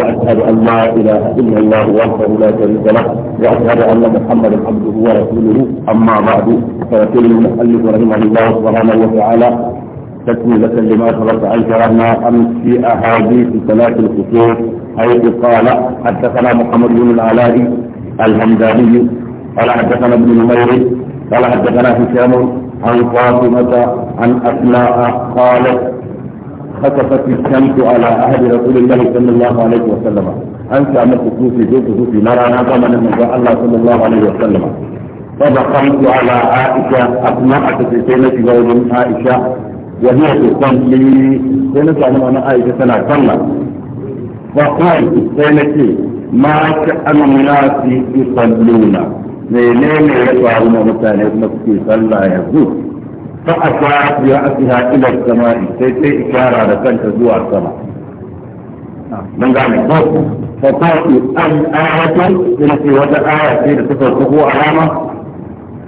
واشهد ان لا اله الا الله وحده لا شريك له واشهد ان محمدا عبده ورسوله اما بعد فيقول المؤلف رحمه الله سبحانه وتعالى تكملة لما خلق أنكرنا أمس في أحاديث ثلاث الخصوص حيث قال حدثنا محمد بن العلاء الهمداني قال حدثنا ابن نمير قال حدثنا هشام عن فاطمة عن أسماء قالت خطفت الشمس على عهد رسول الله صلى الله عليه وسلم أن سأم خصوصي ذو خصوصي نرى نظام من الله صلى الله عليه وسلم فبقمت على عائشة أثناء تسعين زوج عائشة وهي تصلي سنة أنا أنا عائشة سنة صلى فقلت سنة ما كان الناس يصلون menene ya faru مسكي mutane kuma فأصاب برأسها إلى السماء سيتي إشارة لكنت زوى السماء من قال فتأتي الآية التي وتآية في تفرقه أعلامة آية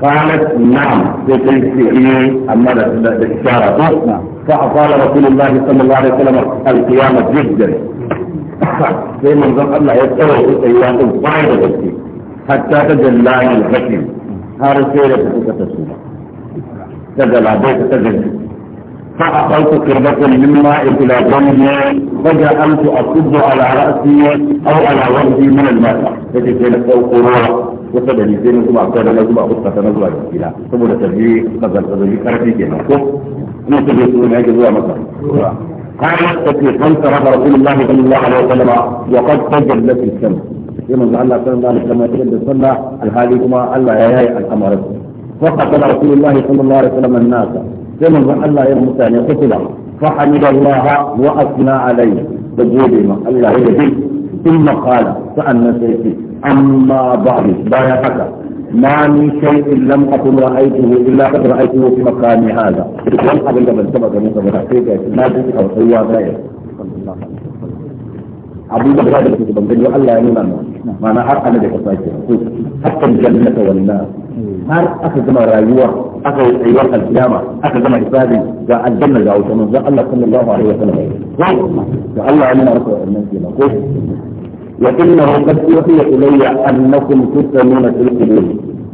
قالت نعم بتنسيحه أما الإشارة فأصال رسول الله صلى الله عليه وسلم القيامة جدا زي من نظر الله يتقوى في أيام الضائرة حتى تجلاني الحكم هذا سيرة تسوى عبيت تجلبيت فأخذت كربة من ماء إلى ضمي فجعلت أصب على رأسي أو على وجهي من الماء التي كانت فوق روح وسبب زين زبع كان زبع قصة نزبع إلى سبب تبيه قبل قبل كرتي كنا كنا تبيه سبب زبع مصر قالت في خمس رب رسول الله صلى الله عليه وسلم وقد تجلت الشمس يوم الله صلى الله عليه وسلم يتجلى السنة الحالي كما الله يهيئ الأمر فقتل رسول الله صلى الله عليه وسلم الناس ثم قال الله يموت ان يقتل فحمد الله واثنى عليه تجيبي ما الله يجيب ثم قال كان سيدي أما بعد بايعك ما من شيء لم أكن رأيته إلا قد رأيته في مكاني هذا لم أبن قبل سبق من سبق حقيقة لا تجد أو سيئة عبد أبو بكر عبد الله يمنع ma'ana har ana da kasa ke ko hakkar jannata wannan har aka gama rayuwa aka yi tsayuwar alkiyama aka gama hisabi ga aljanna ga wuta manzon Allah sallallahu alaihi wasallam to Allah ya nuna maka wannan kenan ko wa innahu qad yuhiya ilayya annakum tusaluna fil qubur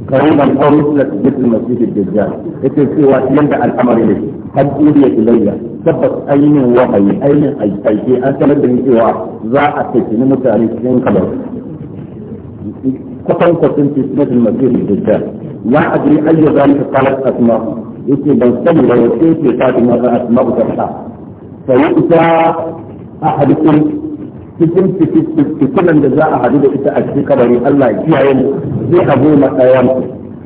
قريبا او مثل مثل مسجد الدجال يتسوى يندع الامر اليه قد اوحي الي ثبت اين وحي اين اي اي ان سند سوى ذا اتيت متعرفين قبل kwatan kwatan ce na da magiri da ta la adri ayyu zalika qalat asma yake ban sani da wace ce fatima da asma ta ta sai ita ahadukum cikin fitinan da za a hadu da ita a cikin kabari Allah ya kiyaye mu zai abu matsayan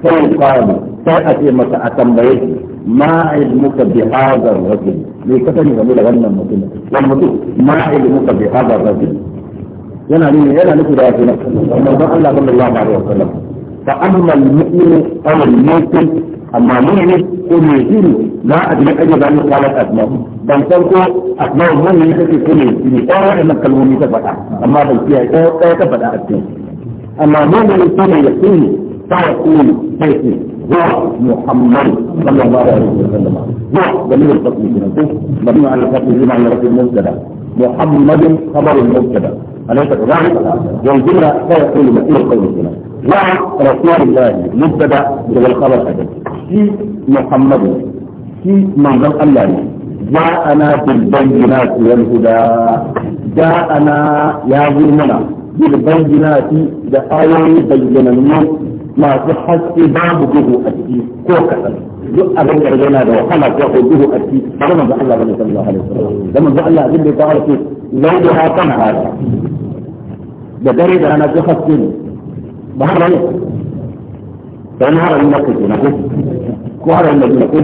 sai kwani sai a ce masa a tambaye shi ma ilmuka bi hadha ar-rajul me ka sani game da wannan mutum wannan mutum ma ilmuka bi hadha ar-rajul yana nuna yana nufi da wasu manzon Allah sallallahu alaihi wasallam fa amma al-mu'minu aw al-mu'min amma mu'mini ko mai jiri la adna kaje da ni qalat asma ban san ko asma mu'mini take ko mai jiri ko wannan kalmomi ta faɗa amma ban kiyaye ko ta faɗa a cikin amma mu'mini ko mai yaqini فيقول كيف هو محمد صلى الله عليه وسلم هو دليل الفصل في نفسه مبني على الفصل على رسول المبتدا محمد خبر المبتدا أليس كذلك؟ والجملة لا يكون مثل القول الجملة نعم رسول الله مبتدا الخبر أجل في محمد في منظر الله جاءنا بالبينات والهدى جاءنا يا ظلمنا بالبينات بين بيننا ما تحس بابه أتي كوكا duk abin da yana da wahala ko ko duhu a ciki da manzo Allah bane sallallahu alaihi wasallam da manzo Allah abin da ya fara ce lauda ha kana hada da dare da rana ta haske ne ba har ne dan har ne nake ne ko ko har ne ne ko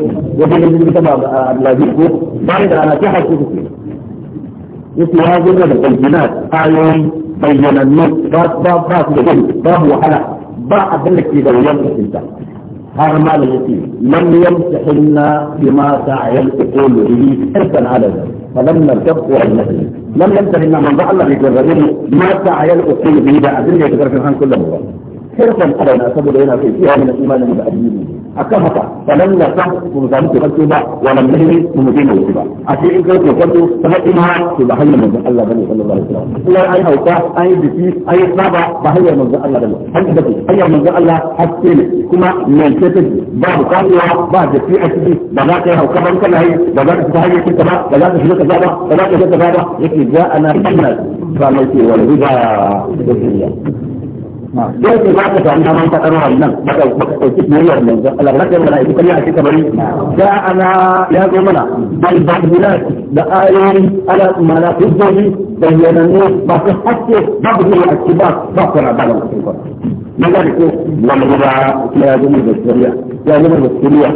wajen da ta ba Allah ko dare da rana ta haske ne yake ya zo da bayyinat ayoyi bayyanannu ba ba ba su da babu wahala ba abin da ke da wuyan cikin هذا مال اليتيم لم يمسحن بما تعي الاقول به حرصا على ذلك فلما الكف والنهي لم يمسحن من ضعنا في جرده ما تعي الاقول به ده اذن كل مره حرصا على ما اسبب لنا في فيها من الايمان المتاكدين akan haka falan na san mu zamu ke barke ba walam nahi mu je mu ba a sai in kai kokarto kamar ima to ba hanyar manzon Allah bane sallallahu alaihi wasallam kuma ai hauka ai biki ai saba ba hanyar manzon Allah bane hanyar biki hanyar manzon Allah haske ne kuma mai ce take ba bukatuwa ba da fi a ciki ba za ka yi hauka ban kana yi ba za ka fita hanyar kinka ba ba za ka shiga kaza ba ba za ka shiga kaza ba yake ja ana kana ba mai ce wal riba da duniya yau za ka sami haman faɗar wannan baka baka ɗauki duniyar nan ga albarkar mana ita kan ya ake kamar ya ana ya zo mana bai babilat da ayoyi ala mana hujjoji bayyananne ba su haske babu ne a ci ba ba ku na balan kuɗin ba na gani ko wani ba ya zo mana da suriya ya zo mana da suriya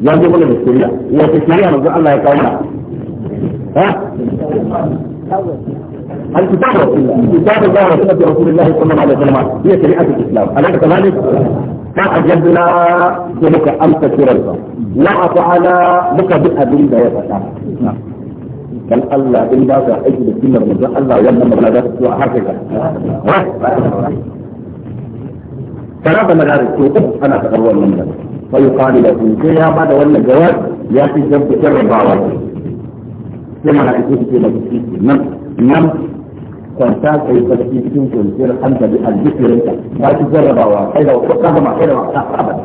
ya zo mana da suriya wata suriya manzo Allah ya kawo mana ha الكتاب كتاب الله وسنة رسول الله صلى الله عليه وسلم هي شريعة الإسلام أليس كذلك؟ فأجبنا لك أن تشير الله لا أفعل لك بالأدلة يا فتاة كان الله إن باغا أجل السنة رمضة الله يبنى مبلغات السوء حرفك ثلاثة مدارس سوء أنا تقرر من ذلك فيقال له يا بعد ولا جواز يا في جنب شر الباوات كما لا يكون في مجلس نعم نعم kwanta kai sarki cikin kwanciyar hankali a jikirinka ba ki jarrabawa kai da kuka gama kai da wasa abada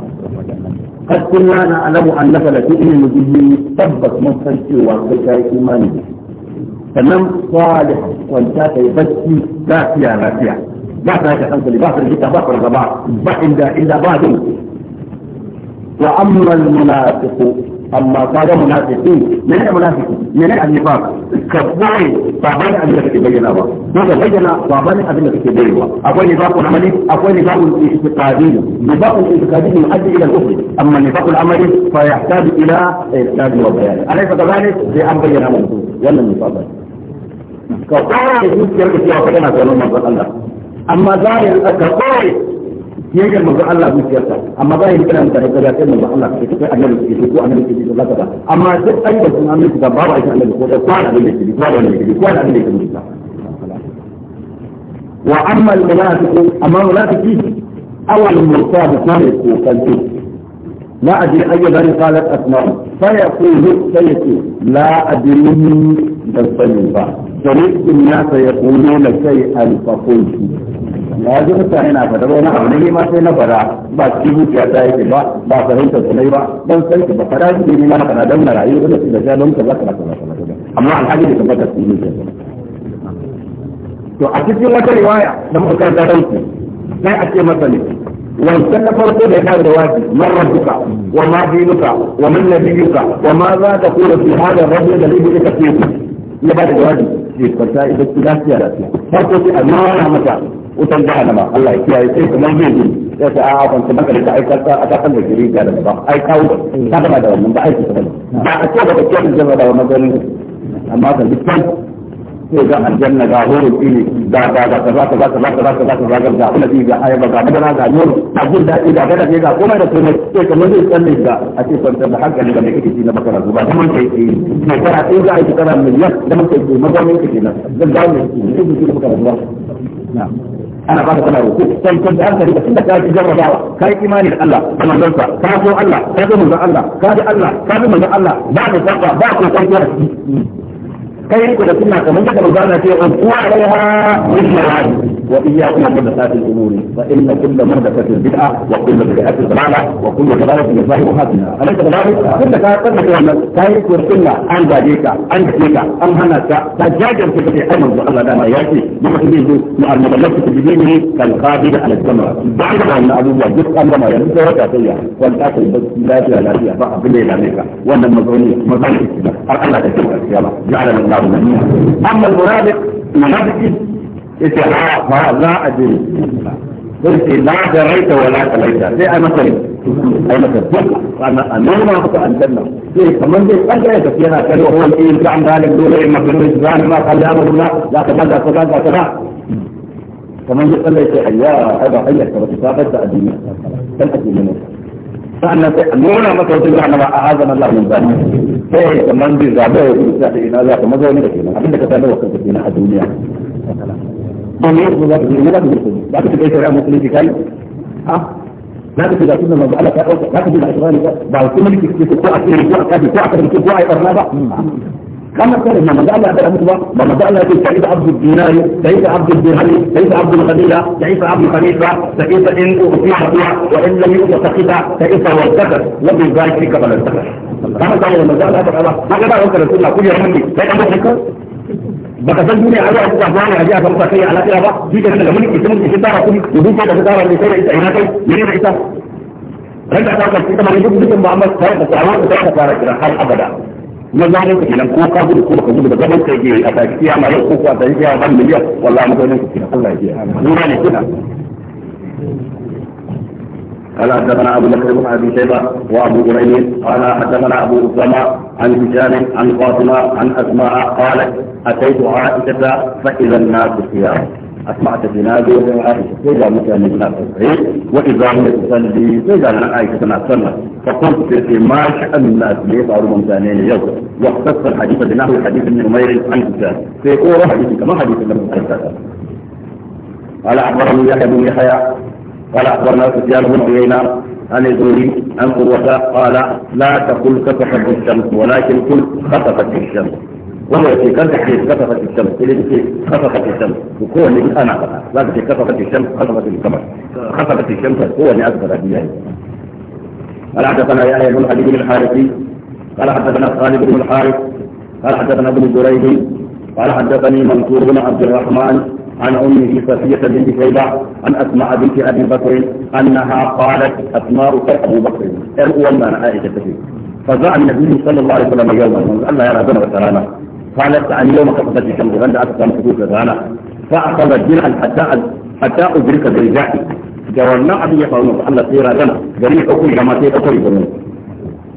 قد كنا نعلم انك لتؤمن به ثبت من سنتي وكذا ايماني فنم صالح وانت تبكي دافيا دافيا لا تنسى خمسة لباس الجيتا باكر غباء بحن إلا بعد وأما المنافق amma ka ga munafiki ne ne munafiki ne ne annifaq ka boye ba ba ne abin da kake bayyana ba ko ka bayyana ba ba ne abin da kake bayyana akwai nifaqul amali akwai nifaqul istiqadi nifaqul istiqadi ne addi ila al-kufr amma nifaqul amali fa yahtaju ila istiqadi wa bayan alaysa kadhalik sai an bayyana mutum wannan nifaq ka fara da zuciyar ka cewa kana tsoron manzon Allah amma zahirin ka kawai yayin manzo Allah zuciyarsa amma ba yin kiran da daga sai manzo Allah ke kai annabi ke ko annabi ke Allah ta amma duk an da sun amince da babu aikin annabi ko da kwana da yake ko da yake ko da yake wa amma al-munafiqu amma munafiki awal murtad kana ko kalbi لا أدري أي ذلك قالت أسماء فيقول سيقول لا أدري من الصيبة سمعت الناس يقولون شيئا فقلت na ji mutane na fada wani abu ne ma sai na fada ba ci ya ta yake ba ba fahimta su ba ban sai ki ba fada ki ne na fada don na rayu da su da ta don ka kaza kaza kaza amma alhaji da ta su ne to a cikin wata riwaya da muka karanta dan ku sai a ce masa ne wancan na farko da ya kare da waji marar duka wa ma dinuka wa man nabiyuka wa ma za ta kula fi hada rajul da libi ka fi ya ba da jawabi sai kwanta idan ku lafiya lafiya farko sai a nuna mata wutar jahannama Allah ya kiyaye sai kuma zai ji ya ce a ban ta maka da ai ka ka san da gari da ba ai ka wuce ka da wannan ba ai ka ba a ce ba ka kiyaye da wannan amma kan dukkan sai ga aljanna ga horo ne ga ga ga kaza kaza kaza kaza kaza kaza ga ga kuma ga ayaba ga madana ga nono ga jin daɗi ga gada ga komai da komai sai kamar zai tsalle ga a ce kwantar da hankali ga mai kake na bakara zuba da man kai tsaye mai kara tsaye za a yi shekara miliyan da man kai tsaye mazaunin kake na zan dawo ne kake ne kake na bakara zuba ana ba ka kana roƙo sai kun da hankali tunda ka ji jarrabawa ka yi imani da Allah da manzonsa ka so Allah ka so manzon Allah ka ji Allah ka bi manzon Allah ba ka ba ka kwantar da كيف تكون كمان كده بقى في قوة عليها مثل العادي وإياكم محدثات الأمور فإن كل محدثة بدعة وكل بدعة ضلالة وكل ضلالة في الله وهاتنا أليس كذلك؟ كل كلام كلام كيف تكون أن باجيك أن تكيك أن هناك تجاجر في كتير أمر الله دام يأتي يمكنه مع المبلغ في جبينه كالقابل على الجمرة بعد أن أبوه جزء أمر ما يمكن وكاتية والآخر بس لا فيها لا فيها بقى بالليل عليك وأن المزعونية مزعونية أرقى الله تكيك جعلنا الله أما المنافق منافق اتحاق هذا أدري قلت لا دريت ولا تليت زي أي مثل أي مثل أنا أنا ما أبقى أن تنم زي كمان زي قد لا يتفينا كانوا هو الإيم كان ذلك دولة إيه؟ إما في الرجلان ما قال لأمر الله لا تبدأ تبدأ تبدأ كمان زي قد لا يتحيا هذا حيا كما تتابع الدنيا تنأتي منه sannan sai a nuna masa wata jihar nama a hazan Allah mun zani sai ya kamar bin zaɓe ya yi zaɓe ina za ka mazauni da kenan abinda ka sanar wa kanka kenan a duniya domin yau za ka zai mana da musulmi za ka shiga shari'a musulunci kai ha za ka shiga sunan manzo Allah ka ɗauka za ka shiga shari'a ba su mulki ko a tsere ko a kafi ko a karfi ko a yi ɓarna ba كما قال ما مدى الله هذا مطبع ما مدى الله سعيد عبد الدينار سعيد عبد الدرهم سعيد عبد الخليلة سعيد عبد الخليفة سعيد إن أطيع فيها وإن لم يؤت سقطة تعيد والذكر ومن ذلك في قبل الذكر كما كان ما مدى الله ما رسول الله كل يوم عندي لا يمكن baka san duniya على ya tsaya ne a ji aka muka kai a lafiya ba shi da daga mulki sun shi tara kuma da duka da tsara ne sai da ita ina kai ne da ita kuma zaman ka kenan ko ka gudu ko baka gudu da zaman ka yake a taki kiyama yau ko kuwa tafi kiyama ban miliyan wallahi mazaunin ka kenan Allah ya biya nuna ne kenan قال حدثنا ابو بكر بن ابي شيبه وابو هريره قال حدثنا ابو اسامه عن هشام عن فاطمه عن اسماء قالت اتيت عائشه فاذا الناس صيام أصبحت بلادي عائشة إذا مثلا ابن الصحيح وإذا هو يصلي إذا أنا عائشة أنا أصلي فقلت في ما أن الناس ليس عرضهم ثانيين اليوم واختص الحديث بنحو حديث ابن عمير عن الإنسان في قوة حديث كما حديث ابن عمير قال أخبرني يحيى بن يحيى قال أخبرنا سفيان بن عيينة عن الزهري عن قروة قال لا تقل كسفت الشمس ولكن قل خسفت الشمس وهو في كرجح كسفت الشمس اللي في خسفت الشمس وهو اللي انا لكن في كسفت الشمس خسفت القمر خسفت الشمس هو اللي اثبت فيها قال حدثنا يا أيها الحديث بن الحارثي قال حدثنا خالد بن الحارث قال حدثنا ابن جريج قال حدثني منصور بن عبد الرحمن عن امه صفيه بنت شيبه عن اسماء بنت ابي بكر انها قالت اسماء ابو بكر أول ما عائشه فزعم النبي صلى الله عليه وسلم يوما قال لا يا ربنا وسلامه قالت عن يوم خطبت الشمس غدا أتى من حدوث الغالة فأخذ الجرح حتى حتى أدرك برجعي جرى النعم يقولون الله سيرا لنا جريح أكل كما سيرا أكل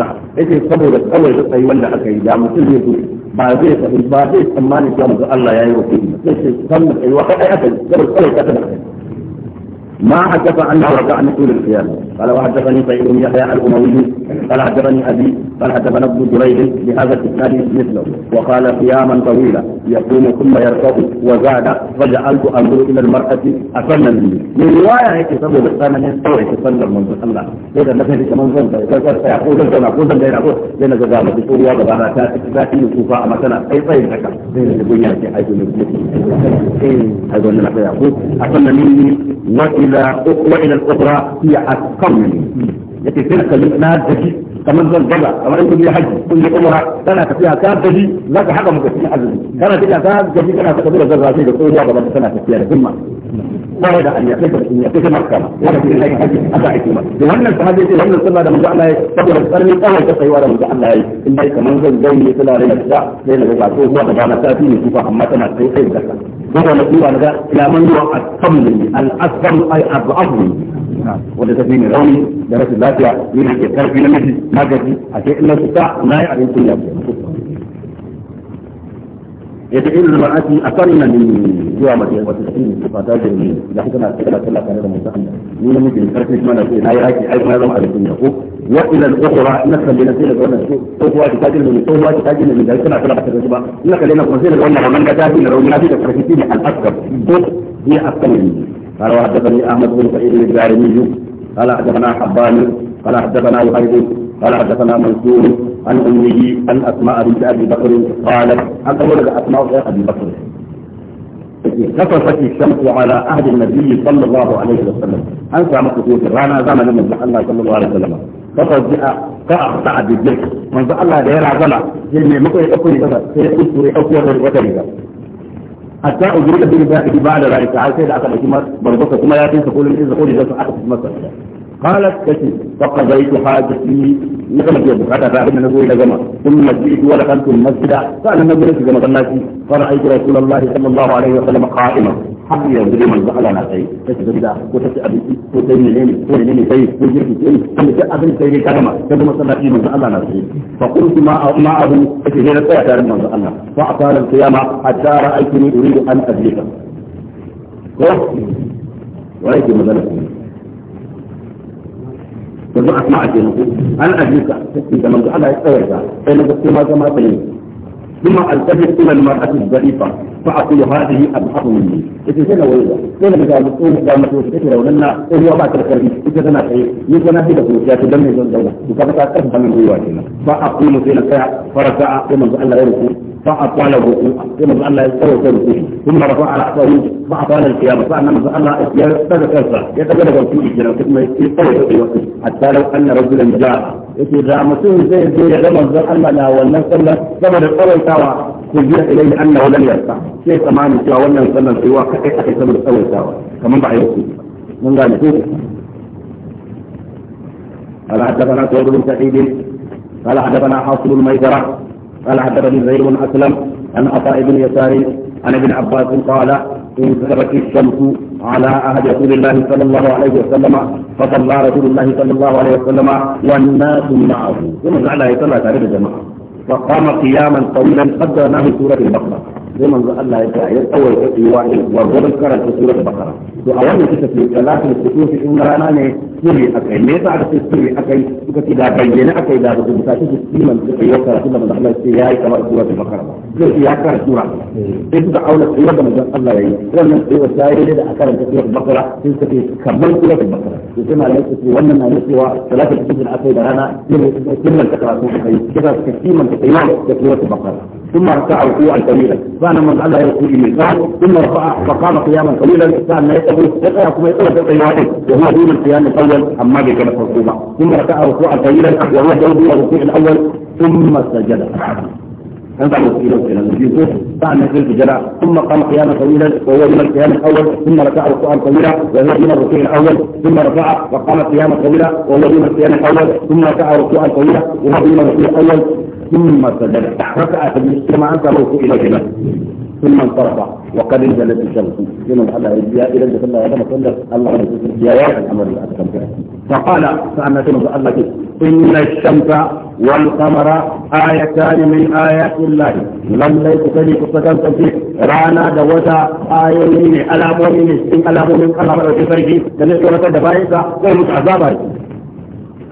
fada yake saboda kawai da tsayi wanda aka yi da mutum zai gudu ba zai tsayi ba zai tsammani cewa mutum Allah ya yi wa kuma sai ce san da tsayi wa kai aka yi saboda kawai ka tada ما حدث عنه عن طول القيامة قال وحدثني سعيد بن يحيى الأموي قال حدثني أبي قال حدثنا ابن جريج بهذا الإسناد مثله وقال قياما طويلا يقوم ثم يركع وزاد فجعلت أنظر إلى المرأة أسن مني من رواية هيك سبب الثاني من طوعي تصلى المنظر الله إذا نفسي كمان ظنظر سيقول ظنظر أقول ظنظر أقول لأن جزاء في سوريا وبعد ذلك ذاتي يشوفها مثلا أي طيب ذكر بنياتي حيث يجب أيضا نفسي أقول أسن مني وإلى الى والى الاخرى هي احكم التي تلك الاسناد تجي كما نزل جبع كما نزل حج كل امها كان فيها كان تجي لك حقا مكتبين حجزي كان فيها كان تجي كان فيها كبيرة جزا فيه يقول يا بابا سنة فيها ثم ba da an yafe in yafe ta makka wanda ke aiki aiki aka aiki ma to wannan sahabi sai wannan sunna da manzo Allah ya saboda tsarni kawai ta kaiwa da manzo Allah ya in dai kaman zan gani ne tana rage ta sai na ga ko kuma da na tafi ne kufa amma tana sai sai da ka ko da kuma daga ya man ruwa at-tamli al-asfar ay al-azmi wanda ta ne rauni da rashin lafiya yana ke karfi na miji magaji a sai in na fita na yi abin kunya يدعي المرأة أقل من يوم وتسعين فتاجر من لحظة ما أتكلم كلا كان هذا مستحيل من ممكن أرسل ما نقول هاي هاي أي ما لهم على الدنيا وإلى الأخرى نفس اللي نزل قلنا هو تاجر من هو تاجر من ذلك ما كلا بس الرجبة نفس اللي نزل قلنا ومن كتاب من رونا في تفرقتين الأكثر هي أكثر من قال وحدثني أحمد بن سعيد الدارمي قال حدثنا حبان قال حدثنا يحيى قال حدثنا منصور عن امه عن اسماء بنت ابي بكر قالت عن ولد اسماء ابي بكر كففت الشمس على عهد النبي صلى الله عليه وسلم ان سامت قوت رانا زمن من الله صلى الله عليه وسلم جاء فاخطا بالذكر من ذا الله غير عزمه زلا يلي مكو يكفي كذا سيكون يكفي وتريغا حتى أجريت به بعد ذلك عايز كده عشان برضه ثم ياتي تقول ان اذا قولي لا تحقق مثلا قالت تشي فقضيت حاجتي نغلب في حتى فاعل من نقول لجمع ثم جئت ودخلت المسجد فانا نقول في جمع الناس فرايت رسول الله صلى الله عليه وسلم قائما حقي يا من زعل انا شيء تشي بدا وتشي ابي وتشي منين ومنين شيء وجئت شيء ثم جاء ابن سيدي كلمة كلمة صلى من زعل انا شيء فقلت ما ما اظن تشي هنا سيحتار من زعل فاطال القيامة حتى رايتني اريد ان ادلك ورأيت مدرسة yanzu a sma'a ke nuku an ajiyuka da manzo Allah ya tsayar sai na gaske ma zama ta yi ثم التفت الى المراه الضعيفه فاقول هذه ابحث مني اذا كان ولد كان اذا مسؤول اذا مسؤول كثير ولنا هو ما تذكرني اذا انا شيء يمكن ان يكون يا تدمي الدوله وكما تاكد من هو فاقول في نفسها فرجع ثم الله يرسل فأطال الركوع ثم الله يستوى الركوع ثم رفع رأسه فأطال القيام فأنا الله يستوى كذا يتجرب في الجنة ثم يستوى حتى لو أن رجلا جاء إذا مسوه زي زي لما زر أن لا والناس صلى ثم الأول توا تجيء إليه أنه لم يرفع شيء كمان سوى والناس صلى في واقع أي ثم الأول توا كمان بعد يركوع من قال قال حدثنا سعيد بن سعيد قال حدثنا حاصل الميسره قال حدثني زيد بن اسلم عن عطاء بن يسار عن ابن عباس قال ان انسلبت الشمس على عهد رسول الله صلى الله عليه وسلم فصلى رسول الله صلى الله عليه وسلم والناس معه ثم جعل يصلى آية تعرف الجماعه فقام قياما طويلا قدرناه سوره البقره من الله يتعي أول حقي واحد وضرب كرد في سورة البقرة وأول نفسه في الثلاثة السكون في كل رمانة سوري أكي ميطع في سوري أكي وكتبا بينا أكي دا بطل بساسي في السيمة في سورة البقرة سورة من الله يتعي هاي كما سورة البقرة سورة في أكار سورة إذا أول حقي واحد من الله يتعي ولم يتعي وسائل إذا أكار في سورة البقرة تلك في كمال سورة البقرة وكما لا يتعي وأن ما يتعي ثلاثة السكون أكي دارانا كما تكرا سورة البقرة ثم ركعوا سورة البقرة كان من الله من بالميزان ثم رفع فقام قياما قليلا كان لا يقوم يقرا كما يقرا في القيامات وهو دون القيام الاول أما بك مفروضا ثم ركع ركوعا قليلا وهو دون الركوع الاول ثم سجد انت وسيله الى المجيب بعد في الجلع ثم قام قياما طويلا وهو من القيام الاول ثم ركع ركوعا طويلا وهو من الركوع الاول ثم رفع وقام قياما طويلا وهو من القيام الاول ثم ركع ركوعا طويلا وهو من الركوع الاول ثم سجد ركعة المجتمع عن تروه إلى جبل ثم انصرف وقد انزلت الشمس ثم قال يا إلى أن صلى الله عليه الله يا يا الأمر فقال سألنا ثم الله إن الشمس والقمر آيتان من آيات الله لم لا يتسلي قصة تنسيح رانا دوتا آيين ألا مؤمن إن ألا مؤمن الله مرة تفرجي لم يكن لك دفاعك ومتعذابك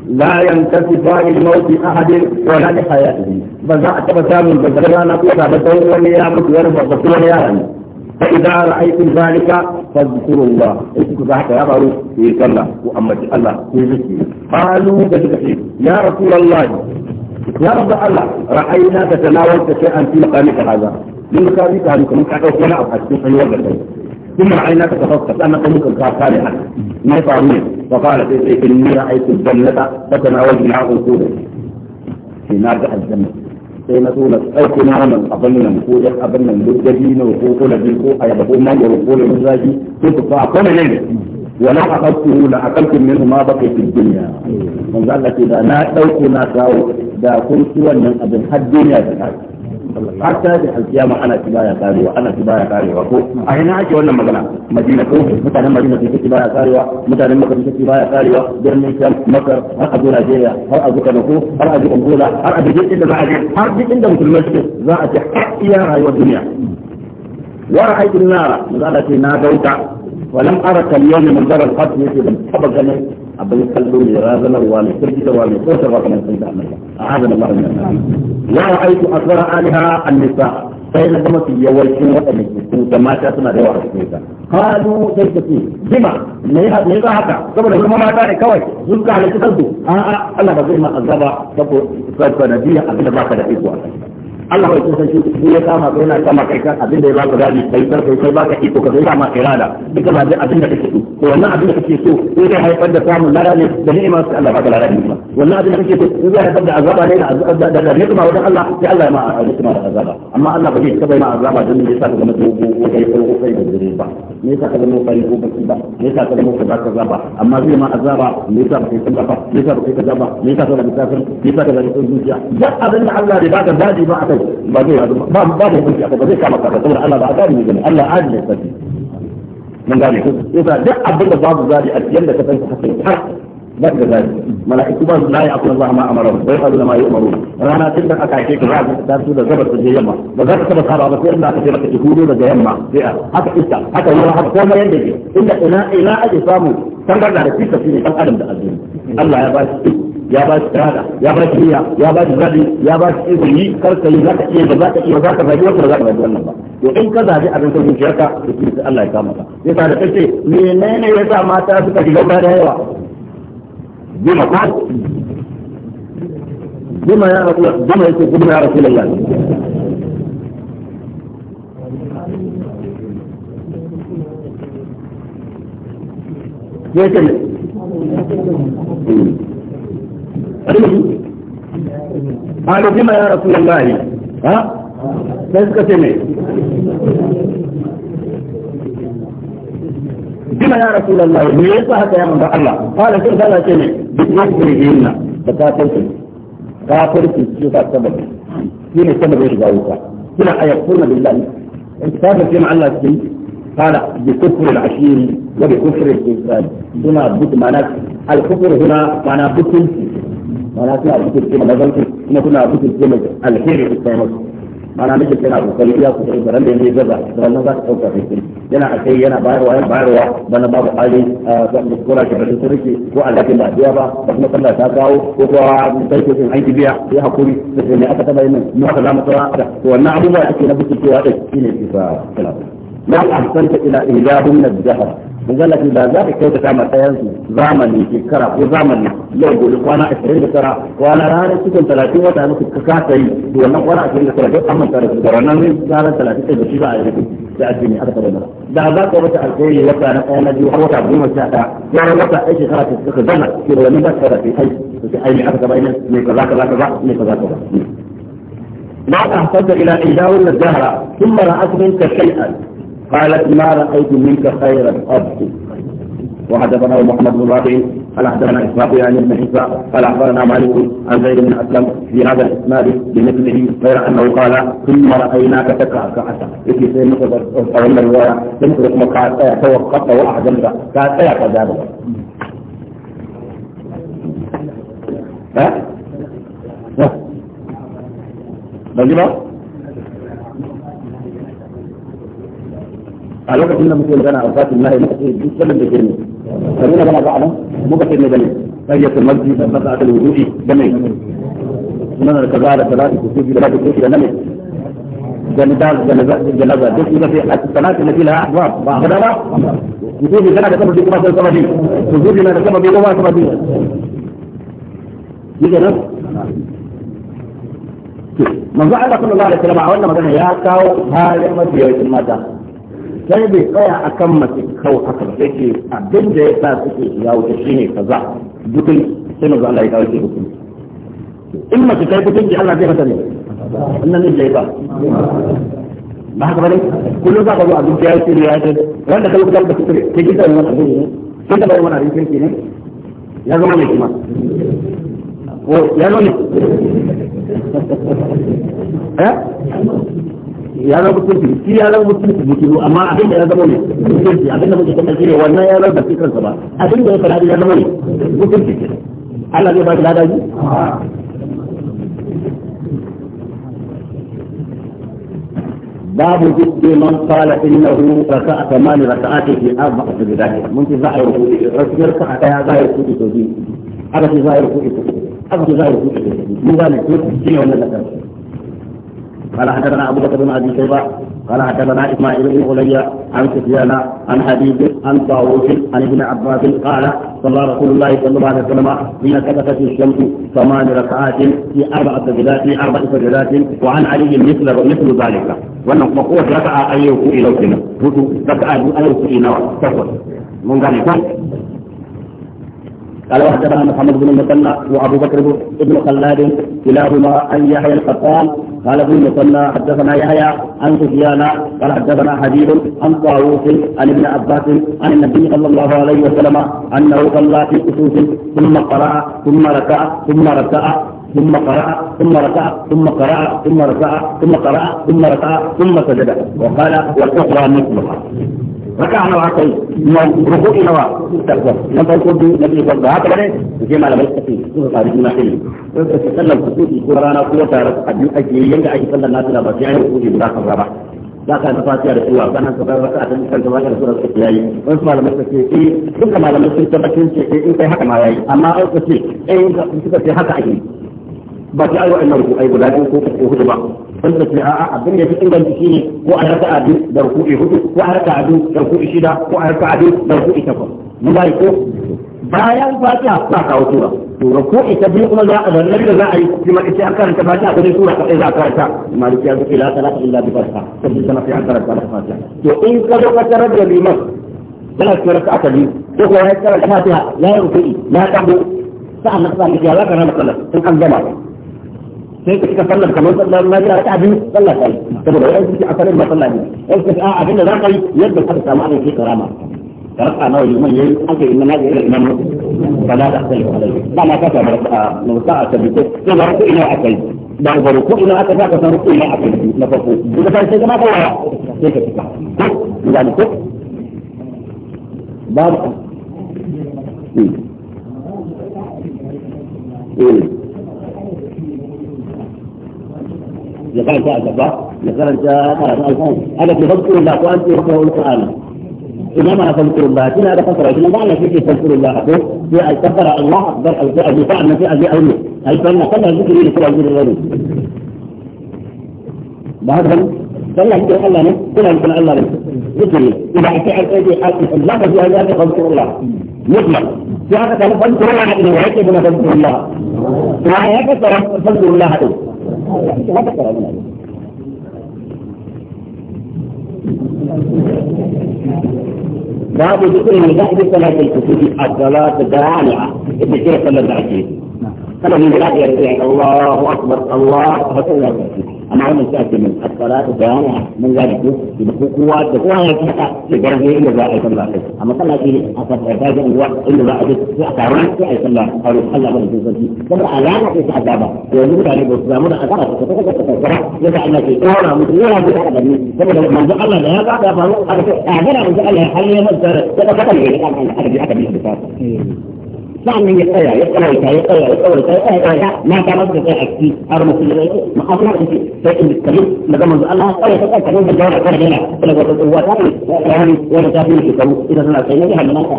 لا ينتفع الموت أحد ولا لحياته فزعت بسام البزران أقوى بطول وليام مكير فقصوا وليا فإذا رأيتم ذلك فاذكروا الله اذكروا ذلك يا غارو في الله وأمة الله في ذكري قالوا يا رسول الله يا رب الله رأينا تتناول شيئا في مقامك هذا من مقامك هذا مقامك هذا من مقامك في ثم رأيناك تخصص لأنك ممكن تخاف صالحا ما يطعمين فقالت إني رأيت الجنة فتناولت معه الكودة في نارة الجنة سينا تولى أيك نعم أظن المفوضة أظن المفوضة وقول بالكوحة يبقون مالي وقول المزاجي كنت فأقوم إليه ولو أخذته لأكلت منه ما بقي في الدنيا من قال لك إذا نا أوكي نا كاو دا كنت من أبن حد الدنيا في الحاجة har ta da alkiyama ana kibaya karewa ana kibaya karewa ko a ina ake wannan magana madina ko mutanen madina sun kike baya karewa mutanen makka sun baya karewa birnin sham makka har a zo najeriya har a zo kano ko har a zo angola har a duk inda za a je har duk inda musulmai suke za a ce har iya rayuwar duniya wa ra'aytu nara maza da ce na dauka ولم أرك اليوم منظر القتل في حبك أبن قلبهم يرازنا والسجد والمقوش الرحمة من الله أعاذنا الله من لا رأيت أكبر آلهة النساء فإن لما في يوالكم وأن يكون كما تأتنا دوار السجد قالوا جيد تسمي بما ليه ليه هكا قبل أن يكون ما تاني كوي زلك على كتبه آآ ألا بزيما أزابا فبو إسرائيل فنبيه أبن آه. الله فنبيه Allah bai san shi shi ya kama kai yana kama kai kan abin da ya baka gadi kai kar kai kai baka iko ka kama irada duka ba dai abin da kake so to wannan abin da kake so sai zai haifar da samun lada ne da ni'ima sai Allah baka lada ne wannan abin da kake so zai haifar da azaba ne da azaba da ni'ima wajen Allah sai Allah ya ma ni'ima da azaba amma Allah ba zai taba yi ma azaba don ne sai ka zama dogo ko kai ko kai da dare ba ne sai ka zama fari ko baki ba ne sai ka zama ba ka ba amma zai ma azaba ne sa ba kai kaza ba ne sa ba kai kaza ba ne sai ka zama kafir ne sai ka ne sai zama zuciya duk abin ne sai ka baka dadi ba aka kawai ba zai ba ba da kunci ba zai kama kaka saboda Allah ba a gadi ne gani Allah adalin sarki mun gane ko yasa duk abin da babu zadi a cikin da ka san ka har ba da zadi mala'iku ba su laye akwai Allah ma amara ba sai Allah ma yi umaru rana tun da aka ake kira ta su da zaba su je yamma ba za ka taba saba ba sai inda aka ce maka hudu daga yamma sai haka iska haka ruwa haka komai yanda ke inda ina ina ake samu tangarda da fita shine dan adam da addini Allah ya ba shi ya ba shi tsada ya ba shi iya ya ba shi zaɓi ya ba shi izini kar ka yi za ka iya da za ka iya za ka zaɓi wata da za ka zaɓi wannan ba to in ka zaɓi abin ka zuciyarka da ke da Allah ya kama ka sai ta da kace menene ya sa mata suka shiga ba da yawa bima ba bima ya rasul bima yake bima ya rasulullah yake ne قالوا بما يا رسول الله ها ليس كسمي بما يا رسول الله ليس هكا يا من الله قال كيف هذا كسمي بكفرهن بكافركم كافركم شوف السبب شنو السبب ايش قالوا هنا ايكفرن بالله كافر كما الله كي قال بكفر العشير وبكفر الانسان هنا بد الكفر هنا معناه بكل mana suna fitirce da mazanci kuma suna fitirce da alheri da sauransu mana mijin yana kokari ya kusa da ran da ya gaza da wannan za ta dauka fitirce yana a kai yana bayarwa yana bayarwa bana babu ali ba mu kora shi da sarki ko alhaji ba biya ba ko kuma sallah ta kawo ko kuwa sarki sun aiki biya ya hakuri da ne aka taba yin nan mu aka zama tsara to wannan abubuwa ake na fitircewa da shine sifa talaba لو أحسنت إلى من الذهب وقال لك إذا ذاك كيف تعمل تيانسي زامني في الكرة وزامني يقول لك وانا 20 كرة وانا رانا سكن 30 وتا مك كاسي وانا وانا 20 كرة جت أما كرة انا من كرة 30 كرة شيء بعد تأتيني انا من ده ذاك وقت الكي وقت أنا أنا دي وتا بدون مساحة يعني وقت ايش شيء في استخدمت كده ولا بس كرة في أي أي أكثر بين كذا كذا كذا كذا كذا ما أحسنت إلى إيجاد الزهرة ثم رأت منك قالت ما رأيت منك خيرا قط وحدثنا محمد بن رافع قال حدثنا اسحاق يعني بن عيسى قال اخبرنا مالك عن زيد بن اسلم في هذا الاسناد بمثله غير انه قال ثم رايناك تكره كعسى في سيدنا او ان الروايه لم تكن توقفت واعجمت قال ايه هذا ها؟ ها؟ a lokacin da muke magana a fatin lahi muka ce duk wannan da ke ne kamar na gana ba a nan muka ce ne da ne sai ya kamar ji da ba ta da wuri da ne nan da kaza da kaza ku ce da ku ce da ne جنازة جنازة جنازة دي كده في الصلاة اللي فيها أحوال بعد لا يقول لي أنا كتب لي كما كتب لي يقول لي أنا كتب لي كما كتب لي يجي نفس من زعل صلى الله عليه وسلم أولا ما كان يا كاو هاي ما في sai bai tsaya a kan mace kawai haka ba sai ce abin da ya sa suke shiga wuta shi ne kaza dukkan sai maza Allah ya kawo shi hukun in mace ta yi kutunci Allah zai fata ne wannan ne zai ba ba haka bane kullum za ka zo abin da ya ce ya ce wanda kai kuka da kuka ke gida wannan abin ne sai ka bai wannan abin kirki ne ya zama ne kuma ko ya zama ne eh ya zama mutunci shi ya zama mutunci da kiro amma abin da ya zama ne mutunci abin da muke kuma shi ne wannan ya zama da kansa ba abin da ya fara ya zama ne mutunci Allah zai ba shi ladabi باب ذكر من قال انه ركع ثمان ركعات في اربع سجدات ممكن ظاهر ركوع ركعه يا ظاهر ركوع توجيه هذا في ظاهر ركوع هذا في ظاهر ركوع توجيه من ذلك شيء ولا لا قال حدثنا ابو بكر بن ابي شيبه قال حدثنا اسماعيل بن علي عن سفيان عن حبيب عن طاووس عن ابن عباس قال صلى رسول الله صلى الله عليه وسلم حين كبست الشمس ثمان ركعات في اربع سجدات في اربع سجدات وعن علي مثل مثل ذلك وان قوه ركع ايه في الى ركع ايه في يوكو الى من ذلك قال وحدثنا محمد بن المثنى وابو بكر بن خلاد كلاهما عن يحيى القطان قال ابن المثنى حدثنا يحيى عن سفيان قال حدثنا حبيب عن طاووس عن ابن عباس عن النبي صلى الله عليه وسلم انه صلى في كسوف ثم قرا ثم ركع ثم ركع ثم قرأ ثم ركع ثم قرأ ثم ركع ثم قرأ ثم ركع ثم سجد وقال والأخرى مثلها raka nawa aka yi na ruku'i nawa tabbas na farko biyu na biyu ba haka bane su je malamai su tafi su ka fara juna ilimi ko su sallar kusuci ko rana ko tare a biyu ake yi yanda ake sallar nasu ba sai an yi kusuci guda kan ba za ka ta fatiya da suwa sannan ka bar raka'a din kan gaba da sura ta yayi wasu malamai suka ce eh duka malamai sun tabbatar ce eh in kai haka ma yayi amma an ka ce eh suka ce haka ake ba ta ayyuka annabi ko ai guda ko ko hudu ba wanda ce a'a abin da ya fi inganci shine ko a raka'a biyu da ruku'i hudu ko a raka'a biyu da ruku'i shida ko a raka'a biyu da ruku'i takwas mun bai ko bayan fatiha ba kawo sura to ruku'i ta biyu kuma za a zannar da za a yi kuma ita a karanta fatiha ko dai sura ka za a karanta maliki ya zuke la salata illa bi fatiha sabbi sana fi karanta fatiha to in ka zo ka tarar da liman yana sura ka aka biyu ko ya karanta fatiha la ruku'i la tabu sa'an nan ka ya za ka rana sallah in an gama sai ka cika sallar kamar sallar na jira raka biyu sallar kai saboda wai aiki a sallar ba sallar ne in ka a abin da za ka yi yadda ka samu abin ke karama ka raka nawa liman yayi aka yi na jira imam ba za ta sallar alai ba na ka ta barka na sa a tabbata sai ba ku ina akai ba ku barku ina aka ka san ku ina akai na farko duk da sai ka ma kawai sai ka cika ko da ko babu Mm-hmm. اذا كان ثلاث اربع اذا كان ثلاث اربع انا الله وانت تقرا القران إذا ما تذكر الله كنا هذا فترة كنا ما لنا شيء تذكر الله أقول في أتذكر الله أكبر في الدفاع من في أبي أمي أي فلنا كنا الله في الأمر الغني بعدها كنا ذكر الله كنا ذكر الله ذكر إذا أتعب أبي الله في هذا إذا أتعب أبي أبي الله في هذا الله لا تقرأ من أجل باب ذكر مزاحم صلاة الكسوف الصلاة الدرانعة ابن كيف صلى الله عليه فلم يجعل يرجع الله اكبر الله اكبر انا عم اتاكد من الصلاه بيانها من ذلك يبقوا قوات قوات يتحقق لدرجه انه لا يصلى عليه اما صلى في اصل عباده إلا انه في يصلى في اثارات لا يصلى او يصلى من الجزء ثم علامه في عذابه يقول السلام ان الاسلام لا اثر يدع ان في دوره مثيره ثم لو من ذكر الله بعد فهو اعذر من ذكر الله حاليا مصدر كما كتب في الحديث sa'annan ya tsaya ya tsawaita ya tsaya ya tsawaita ya tsaya ya mata ba su da a ciki har mutum ya yi ma'aikata da ke sai in kamar daga manzo Allah tsaya ta tsaya kamar da jawar kar yana kula da wata uwa ta ne yani wanda ta fi shekaru idan suna tsaye ne hannu naka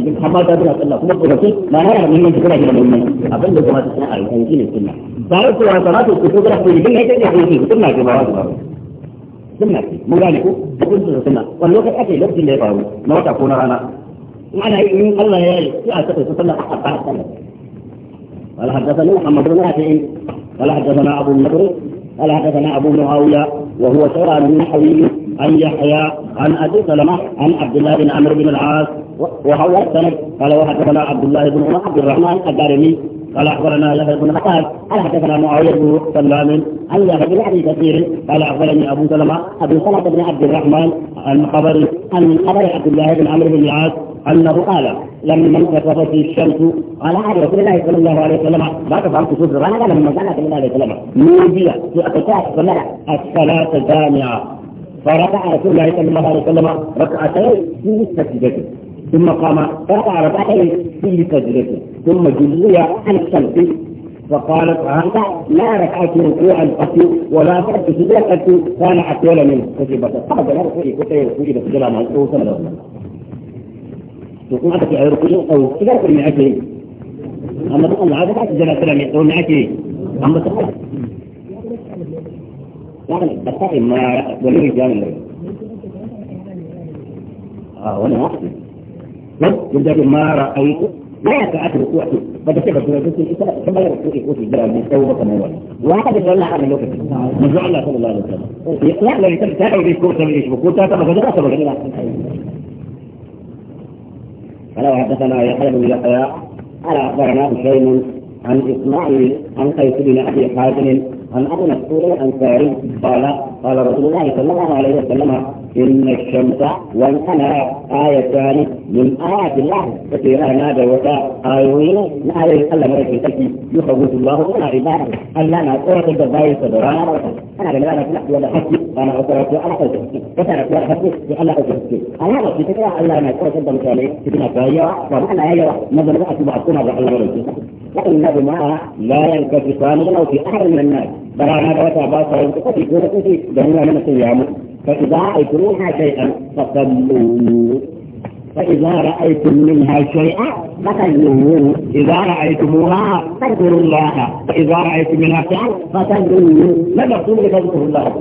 abin amma ta tana tsalla kuma ko da su ma na da muhimmanci kuna da muhimmanci abin da kuma ta sana'a ne shine sunna ba ya kuwa salatu ku ko da ku din ne take ne sunna ce ba wajibi sunna ce mun gane ko hukuncin sunna wani lokaci ake lokacin da ya faru na wata ko na rana معنى إيمان الله يا ريت لا تقل تصلى قال حدثنا محمد بن نافع قال حدثنا أبو بكر قال حدثنا أبو معاوية وهو من حويل عن يحيى عن أبي سلمة عن عبد الله بن عمرو بن العاص وهو السند قال وحدثنا عبد الله بن عمر عبد الرحمن الدارمي قال اخبرنا له بن عباس قال حدثنا معاويه بن سلام عن يحيى بن ابي كثير قال اخبرني ابو سلمه ابي سلمه بن عبد الرحمن عن خبر عن خبر عبد الله بن عمرو بن العاص انه قال لما انكسفت الشمس على عهد رسول الله صلى الله عليه وسلم بعد فهم كسوف رانا لما الله صلى الله عليه وسلم نودي في اقتاح فمنع الصلاه الجامعه فركع رسول الله صلى الله عليه وسلم ركعتين في سجدته ثم قام فركع ركعتين في سجدته ثم جلي عن الشمس فقالت هذا لا ركعت ركوعا قط ولا فرد سجدا كان اطول منه كتبت قبل ركوعي كتبت كتبت سجدا الله عليه وسلم يقوم عدد يعيروا كل يوم أو إذا كل من عجلين أما تقوم العادة بعد الجنة السلام يقوم من عجلين أما تقوم لكن بطاقي ما ولي جانب لي آه وانا واحد قلت لك ما رأيت ما يتعاد ركوعته فقد سيبا سيبا سيبا سيبا سيبا سيبا سيبا سيبا سيبا سيبا سيبا سيبا سيبا سيبا واحد يقول الله على الوقت مزوع الله صلى الله عليه وسلم لا لا يتبع تابعوا بيش كورسة بيش بكورسة تابعوا بيش كورسة بيش فلو وحدثنا يحيى بن يحيى قال اخبرنا هشيم عن اسماعيل عن قيس بن ابي حازم عن ابو مسعود الانصاري قال قال رسول الله صلى الله عليه وسلم إن الشمس والقمر آيتان من آيات الله فكيرا نادى وتا آيوين ما يقل مرك تكي يخوف الله ولا عباده ألا ما قرأت الدباي صدران أنا لا أنا فلح ولا حكي أنا أقرأت أنا أقرأت وترك ولا حكي وأنا حكي أنا في تكرا ألا ما قرأت الدباي تكنا بايا وأنا أيوة ماذا نبعث بعضنا بعض الله لكن النبي لا ينكفي صامدا أو في أحد من الناس بل أنا بوتا باصا ينكفي كونك في جميع من السيامة فإذا رأيتموها شيئا فصلوا فإذا رأيتم منها شيئا فصلوا إذا رأيتموها فاذكروا الله فإذا رأيتم منها شيئا فصلوا لم المقصود بتذكروا الله؟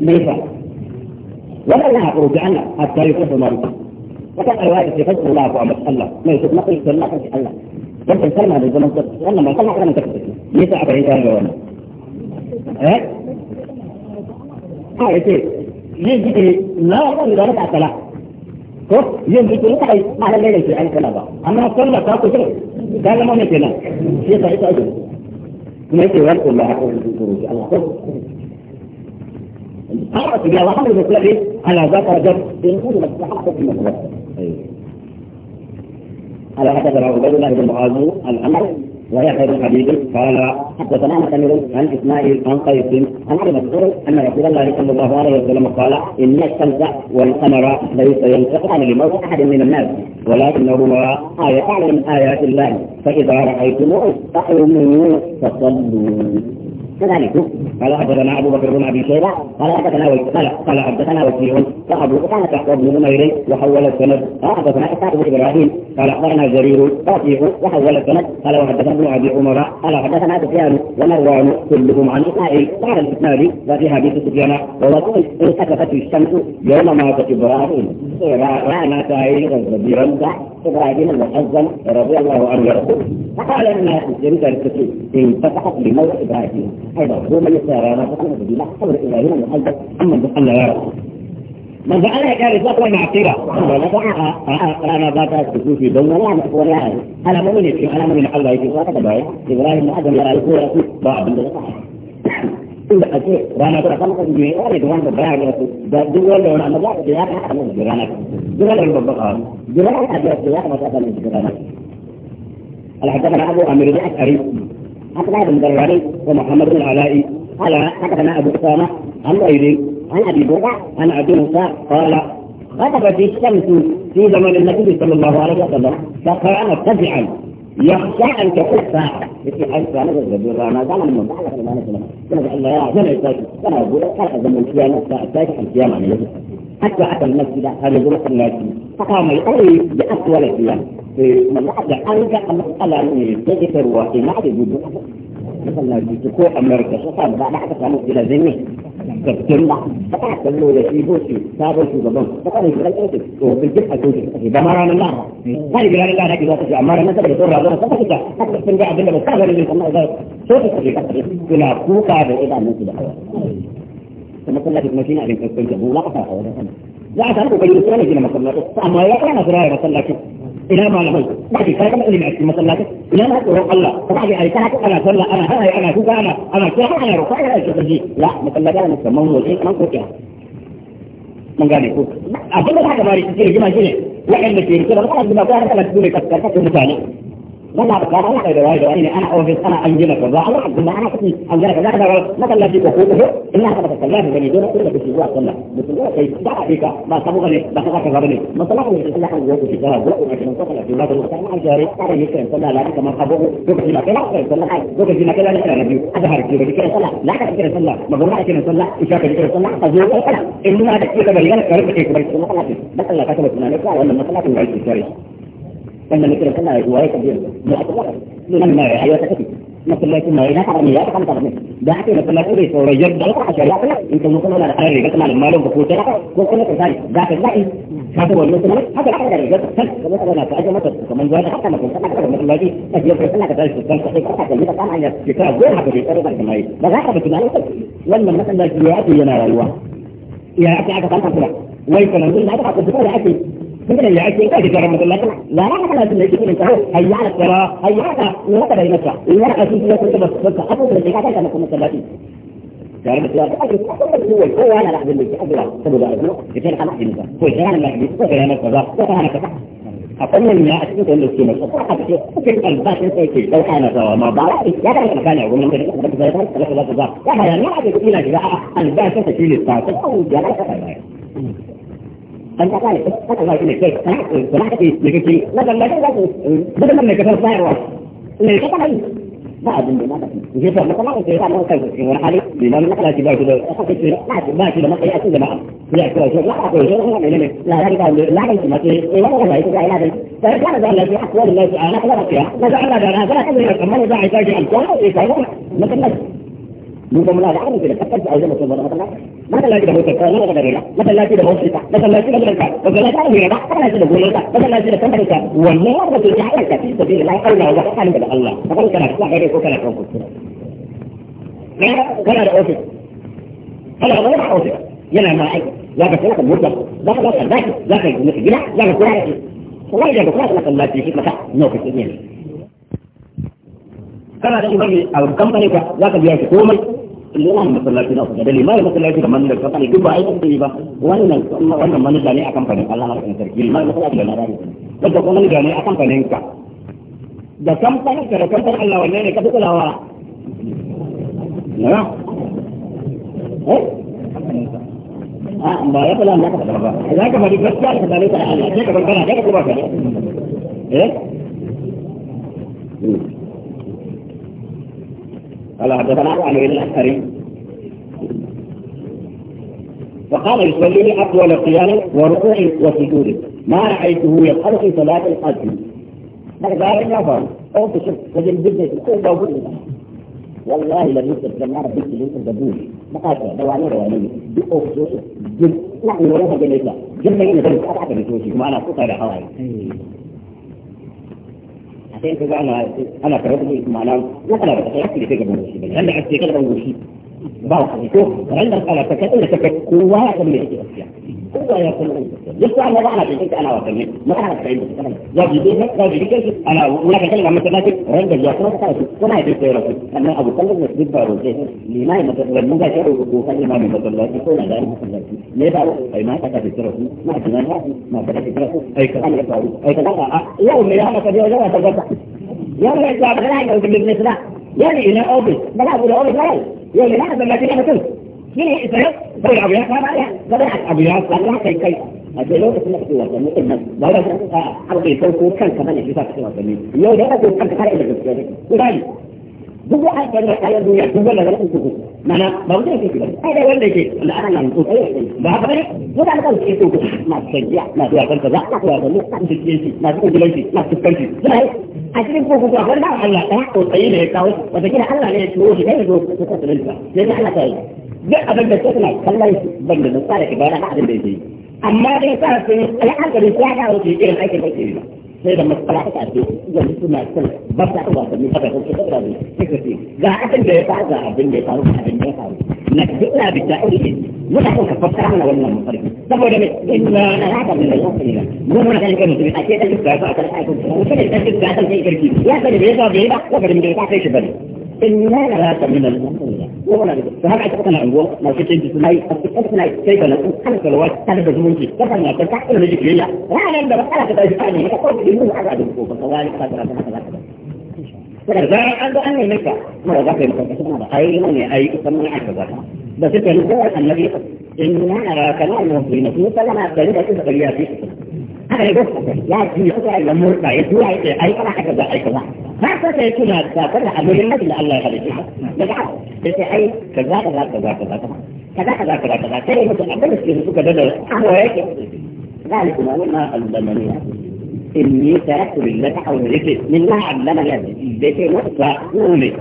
ليس ولا لها خروج عنها حتى يصبح مريضا وكان الواجب في فضل الله وعمل الله ما يصيب نقل في الله الله بس الكلمة هذه الزمن تقول لما كان أكرم تقول ليس أبعيد هذا eh ah yace yin jiki na wani da raka sala ko yin jiki ka yi a lalle da ke an kala ba amma sallah ta kusa ga zama ne kenan shi yasa ita ake kuma yake wal kullu haka rubutu Allah ko أعرف إذا وحمل مثله على ذكر جد ينقل مصلحته في مصلحته. على هذا رواه عبيد الله بن معاذ الأمر ويحيى بن حبيب قال حدثنا معتمر عن اسماعيل عن قيس عن ابي مسعود ان رسول الله صلى الله عليه وسلم قال ان الشمس والقمر ليس ينطقان لموت احد من الناس ولكنهما آية من آيات الله فإذا رأيتموه فاعلموا فصلوا كذلك قال حدثنا ابو بكر بن ابي شيبه قال حدثنا قال قال حدثنا وكيع وابو اسامه تحت بن نمير وحول السند قال حدثنا اسحاق بن ابراهيم قال اخبرنا جرير وكيع وحول السند قال وحدثنا ابن ابي عمر قال حدثنا سفيان ومروان كلهم عن اسماعيل قال الاسماعيل وفي حديث سفيان ووقول التفت الشمس يوم مات ابراهيم رانا سعيدا كبيرا ابراهيم المحزن رضي الله عنه يقول فقال الناس جنس الكتب انفتحت بموت ابراهيم أيضا هو من يسير يا رب تكون بدينا قبل إلى هنا من قلبك أما بقلنا يا رب من فعل هيك هذه الصلاة وين معصية؟ الله لا تعالى أنا بات أسكت في دون الله من أقوى الله أنا مؤمن في أنا مؤمن على الله في الصلاة تبعي إبراهيم أدم يرى الكورة في بعض من الصلاة إلا أشياء وأنا أتكلم عن جميع أريد وأنا بعيد أقول دول لون أنا بعيد يا أخي أنا جيران دول لون ببقى دول أنا أبي أسير ما تعلم جيران الحجاج أنا أبو أمير جاك أريد أخبار المدرعي ومحمد بن العلائي قال حدثنا أبو أسامة عن غيره عن أبي بردة عن أبي موسى قال غضبت الشمس في زمن النبي صلى الله عليه وسلم فكان فزعا يخشى ان تكون ساعه حيث كان الرجل رانا زمن من بعد كما نزل كما قال يا زمن الساكن كما يقول كان زمن القيامه الساكن القيامه عليه حتى اتى المسجد هذا يقول الناس فقام يقوي باطول القيامه من بعد ان جاء مساله من يستغفر وحمايه masallaci su ko amurka su sa ba aka samu ila zanyi kyakkyan ba ta kana kallo da shi boci sabon shugaban ta kana shi kallo to bin duk a cikin kake ba ma ranar lahara kai ga ranar lahara ke za ta ce amma ranar saboda tsoron razana ta kake haka sun ga abin da ba sa gani ne kamar da so ta kake kake kuna kuka da idanun su da hawa kuma sallaci kuma shi ne abin kyakkyan da mu na kasa a wajen sama za a samu kokarin suna gina masallaci amma ya kana kira da masallaci ina malamai ba ki kai kamar ilimi a cikin masallaci ina na tsoron Allah ka ba ki ai ta ana sallah ana hana ana kuka ana ana kira ana roƙa ana aiki kaji la masallaci ne kaman waje kaman kokiya mun gane ko abin da ka bari cikin jima shine wa'anda ke rike da wa'anda ba ka da cikin kaskar mutane والله بابا ما قيد وايد واني انا اوفيس انا انجلك والله الله عبد الله انا كنت انجلك لا لا ما كان في حقوقه انها قد تتكلم بني دون كل في جوا كلها بس هو كيف دعا فيك ما سبقني ما سبقك غرني ما طلعوا من الله عز وجل في ذهب وقت من طلع في الله المختار مع الجاري قال يكرم صلى لا كما حبوه دوك في مكان لا صلى دوك في مكان لا نبي اظهر في ذكر صلى لا تذكر صلى ما بقول لك صلى اشاك ذكر صلى فزور قال انما هذا كده بيان كرمك كده بس الله كتبت لنا قال لما طلعت من الجاري لما لك كنا وهي كبيرة لا تقول لما هي تكفي مثل ما يكون هنا كان يا انا كان ده حتى مثل ما تقولي صور جد ده كان شريعة انت ممكن ولا عارف انا مال ماله بقول ترى كل كل كان ده كان لا هذا هو مثلا هذا الحاجة اللي جت بس انا فاجا مثلا كمان جوا حتى ما كنت انا مثل ما دي اجي بس انا كده كنت كنت كده كده كان عندي كتاب غير حاجه دي ترى كمان هي ده حاجه بتنال ولا مثلا يا ابي يا نار يا ابي حاجه كان كده ويكون عندنا حاجه كنت بقول مثل اللي عايش في كرامة الله لا رحمة الله سنة يكون انتهى هيا على الصلاة هيا على نوات بينك الورقة في سنة كنت بس بس أبو في الزكاة كما كنت بلاتي كرامة الله هو أنا لحظة اللي أجل تبو دائما يتين خلاص جنبا هو كرامة الله هو كرامة كذا هو كرامة كذا أقول لهم يا أسكت أقول لك كلمة أصلاً حتى شيء ممكن الباس أنت شيء لو أنا سوا ما بعرف يا ترى مكان يقول لهم كذا كذا كذا كذا كذا يا ترى ما أعرف يقول لا الباس أنت أنت قال أنت الله يسميك كيف سمعت في مكتبي بدل ما بدل ما كتبت صاير واحد اللي كتب عليه بعد ما جيت ما طلعت في هذا الكيف وانا حالي بما من نقلة تبعي كده أخذت في ما ما كده ما قلت كده ما لا كده لا كده لا لا لا لا لا ما في لا لا لا لا لا فكان ذا الذي أقوال الله تعالى خلقها نزعنا ذا هذا كله كمان ذا عتاج الجنة ويسعون مثل முகமெல்லாம் யாரும் கட்டத்தில் அழுத மட்டும் போதும் மசல்லாச்சி பௌத்தியம் மதரீரா மசல்லாச்சி பௌத்தியா மசல்லாச்சி மதுரா மசல்லாச்சி வீரடா மசல்லாச்சி குலேடா மசல்லாச்சி சந்தரிக்கா ஒன்னே ஒரு தியாக கட்டி சொல்லி லைஃப்ல அவங்க காணிக்கல அல்ல அவன் கணக்கு வேற கூக்கல கூக்கு வேற கலர் ஓசி கலர் வேற ஓசி yana ma aiki ya ka tsaya ka mutsa za ka zaka zaki za ka yi gida za ka kula da shi kuma idan ka kula da masallaci shi maka lokaci ne kana da ubangi a kamfani ka za ka biya shi komai liman masallaci na kusa da limanin masallaci da manufar kamfani duk ba aikin sun yi ba wannan wannan manufa ne a kamfanin Allah na rakin sarki limanin masallaci da na rakin wadda kuma manufa ne a kamfanin ka da kamfanin ka da kamfanin Allah wanne ne ka fi kulawa na eh ba ya kula na ka fada ba za ka fadi gaskiya ka dale ka Allah sai ka bar kana ka kuma ka eh قال حدثنا بن الاحتري فقال يصلي اطول قيام وركوع وسجود ما رايته يفعل في صلاه القدر بقدر ما فعل او تشوف رجل بزنس كل موجود والله لم يكتب جماعة بنت اللي انت بدوني بقاطع دواني دواني بقوا خصوصي جن نحن ولا جن الاسلام جن ما يجب ان تتعب بخصوصي وانا قطع طيب لحوالي sai ka ga ana ana karatu ma'ana ko kana da kai kake da kai gaban shi ba dan da kake kai gaban shi بارك الله فيك عند مسألة سكت إذا سكت هو يقول لي هو يقول يقطع على بعض الشيء أنا وكمل ما أعرف شيء زوجي بيها زوجي بيها أنا ولا كتير لما سمعت رند الجاسوس قالت وما يدري سيرة أنا أبو طلب مسجد بارو لما يمثل لما جاء وقال ما من الله يقول هذا ليه بارو أي ما كتب سيرة ما كتب ما كتب سيرة أي كلام أي كلام يوم يا ما كتب يوم يا يقول لي يعني لا هذا الذي انا قلت من الاسلام زي الابيات ما بعدها زرعت ابيات لانها كي كي الدلول اسمه قوة المؤمن ولا عرضي فوق كان كمان في فاتح الوطني لو ده كان كمان اللي بيقول لي duk da aka yi kayan duniya duk wanda ga lafiya kuku mana ba wuce yake ba ai dai wanda yake da ana nan ko kai ba haka bane mutane kan suke kuku na sanjiya na zuwa kan kaza na zuwa kan na suke shi na suke gilanci na fuskanci suna yi a cikin kuku ba wanda Allah ta ko tsayi ne ya kawo wata kira Allah ne ya ciwo shi dai zo ko ta tsalinta sai Allah ta yi duk abin da suka kallon ban da tsara ki ba na abin da yake amma dai sa sun ai hankali ya dawo ke irin aikin da yake yi sai da matsala ta ce yanzu suna son ba ta ba ta mita da kuma ta rabu take ce ga abin da ya faru abin da ya faru abin da ya faru na dukkan bi ta iri muna son ka fassara mana wannan mafarki saboda me inna na haka ne ya sani ba mun muna ganin kai mutum a ce da dukkan ka ka ka ko ne da dukkan ka sai kirki ya sani bai ba bai ba ko da me ka kai shi bane النهاية هذا من الأمور فهل أتقنع هو لو كنت أنت سنعي أتقنع كيف لكم خلق الوقت خلق الزمونتي تفهم ما تنفع إلا نجيك لله لا لا لا بسألة تتجعني أقول لي مو أقعد بكوفة فوالي قادرة فكذا عنده أن المكة مرة ذاك المكة أي من أي تسمى عشر ذاك بس أنت نقول إن أنا كلام مهمين فلما أبتدأ أشوف قلياتي هذا يقول يا أخي يقول ما سيكون هذا كله مهمة إلا الله يخليك بالعكس بس أي كذا كذا كذا كذا كذا كذا كذا كذا كذا مثل عبد السيد سوك بدل هو هيك ذلك ما ما علمني إني تركت لله حول ذكر من الله علمني بيتي نقطة قولي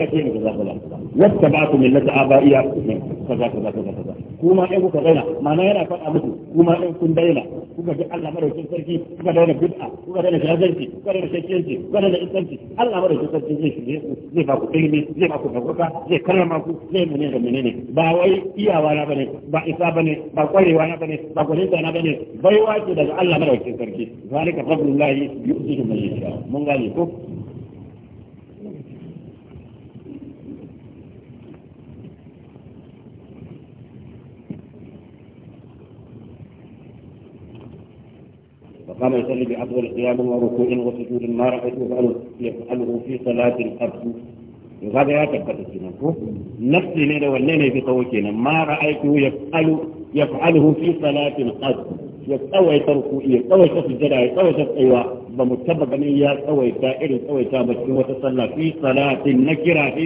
kace ne kaza kaza wasta ba'tu millata abaiya kaza kaza kaza kaza kuma ai kuka daina ma'ana yana faɗa muku kuma ai kun daina kuka ji Allah madaukakin sarki kuka daina bid'a kuka daina shazanci kuka daina shakkiyanci kuka daina insanci Allah madaukakin sarki zai shige ku zai ba ku ilimi zai ba ku daukaka zai karrama ku zai mene da ba wai iyawa na bane ba isa bane ba kwarewa na bane ba gwaninta na bane baiwa ce daga Allah sarki zalika fadlullahi yu'tihi man yasha mun gane ko المصلي بأفضل قيام وركوع وسجود ما رأيته يفعله يفعله في صلاة الفرد وهذا يعتقد تبت السنان نفسي لنا والنين في طوكينا ما رأيته يفعل يفعله في صلاة الفرد يتقوي ركوعي يتقوي سجدة يتقوي أيوة بمتبقى من يتقوي سائر يتقوي سامسكين وتصلى في صلاة النكرة في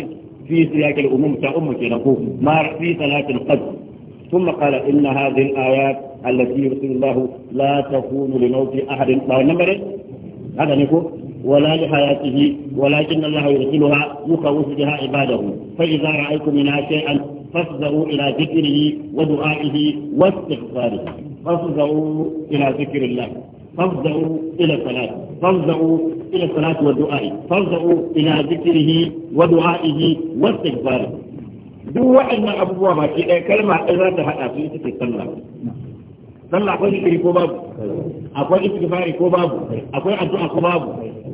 في سياق الأمم تأمك ينقوه ما في صلاة القدر ثم قال إن هذه الآيات التي يرسل الله لا تكون لموت أحد هذا نقول ولا لحياته ولكن الله يرسلها يخوف بها عباده فإذا رأيتم منها شيئا فافزعوا إلى ذكره ودعائه واستغفاره فافزعوا إلى ذكر الله فافزعوا إلى الصلاة فافزعوا إلى الصلاة والدعاء فافزعوا إلى ذكره ودعائه واستغفاره duk waɗannan abubuwa ba ke ɗaya kalma ɗaya za ta haɗa su ita ce sallah sallah akwai zikiri ko babu akwai istighfari ko babu akwai addu'a ko babu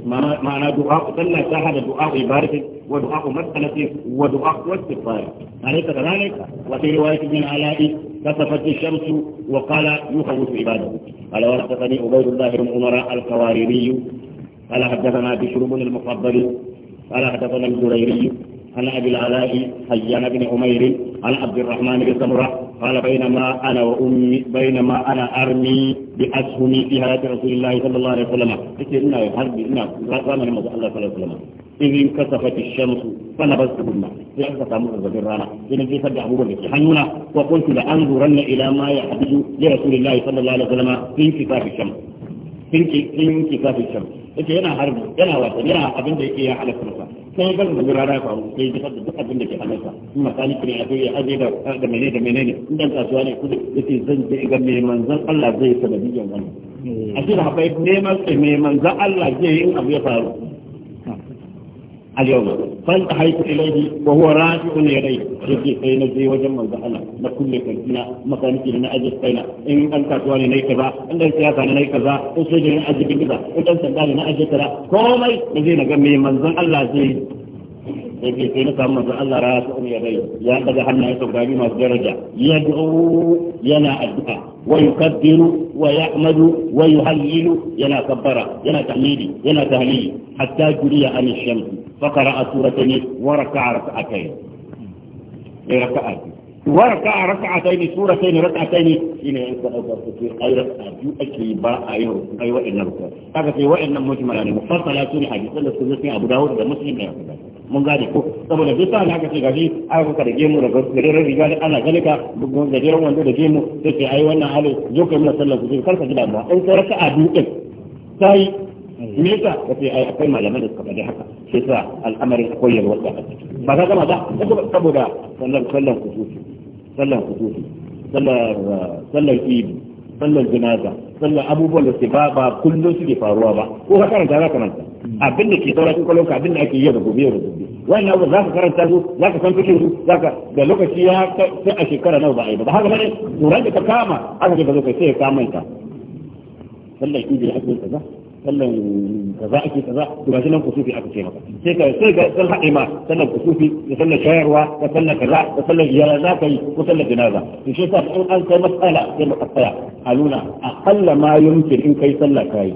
ma'ana du'a sallah ta hada du'a ibadati wa du'a mas'alati wa du'a istighfari alaysa kadhalika wa fi riwayat ibn ala'i كسفت الشمس وقال يخوف عباده قال وحدثني عبيد الله بن عمر القواريري قال حدثنا بشر بن المفضل قال حدثنا الجريري عن ابي العلاء حيان بن عمير عن عبد الرحمن بن سمره قال بينما انا وامي بينما انا ارمي باسهمي في هدايه رسول الله صلى الله عليه وسلم يقول لنا حرب لنا الله صلى الله عليه وسلم إذ انكسفت الشمس فلبستهن في عزة تتامر الزجرانة إن في سبع أبو حنونا وقلت لأنظرن إلى ما يحدث لرسول الله صلى الله عليه وسلم في انكساف الشمس في انكساف الشمس yake yana harbi yana wasan yana abin da yake ya halatta masa sai ya gaza da rana faru sai ya jefar da duk abin da ke hannunsa in misali kire ya ya aje da da mene da mene ne in dan kasuwa ne kudi yake zan je ga mai manzan Allah zai sanadiyan wannan eh. a cikin haɓai neman eh, me manzon Allah zai yi abu ya faru اليوم فانتحيت اليه وهو راجع اليه يجي بين الزي وجمع البحر لكل كلمة مكانك هنا اجل بين ان انت اتواني لي كذا ان انت اتواني لي كذا ان سجن اجل بكذا ان انت اتواني لي اجل كذا كومي نزينا قمي منزل الله زي يجي بين كم منزل الله راجع اليه يا قد حمنا يتوقع بما الدرجة يدعو ينا الدعاء ويكبر ويحمد ويهليل ينا كبرا ينا تحليلي ينا تهليلي حتى جري عن الشمس فقرأ سورة وركع ركعتين أي ركعتين وركع ركعتين سورتين ركعتين إن أي ركعت يؤكي باء أي وإن ركع هذا في وإن مجمل يعني مفصل على سورة حديث الله سورة أبو داود ومسلم يعني من قال يقول طب لو جيت أنا كذي كذي أنا كذا جيمو رجل غير رجال أنا ذلك بقول غير وان ده جيمو تسي أي أيوة، وانا حاله جو كمل سلسلة كذي كذا جدا أنت ركعت يؤكي me yasa kace ai akwai malaman da suka faɗi haka sai sa al'amarin akwai yalwata a ciki ba ka gama ba saboda sallan sallan kusufi sallan kusufi sallar sallar ibi sallar jinaza sallar abubuwan da suke ba ba kullum suke faruwa ba ko ka karanta za ka manta abin da ke saura cikin kwallon abin da ake yi da gobe da gobe wannan abu za ka karanta su za ka san cikin su za ka da lokaci ya sai a shekara nawa ba a yi ba haka bane tsoron da ka kama aka ce ba zo ka sai ka manta sallar ibi da ake kaza sallan kaza ake kaza to shi nan kusufi aka ce maka sai ka sai ga sallan ima sallan kusufi da sallan shayarwa ka sallan kaza ka sallan iyala za ka yi ko sallan jinaza to shi yasa in an kai matsala sai mu tsaya aluna aqalla ma yumkin in kai sallah kai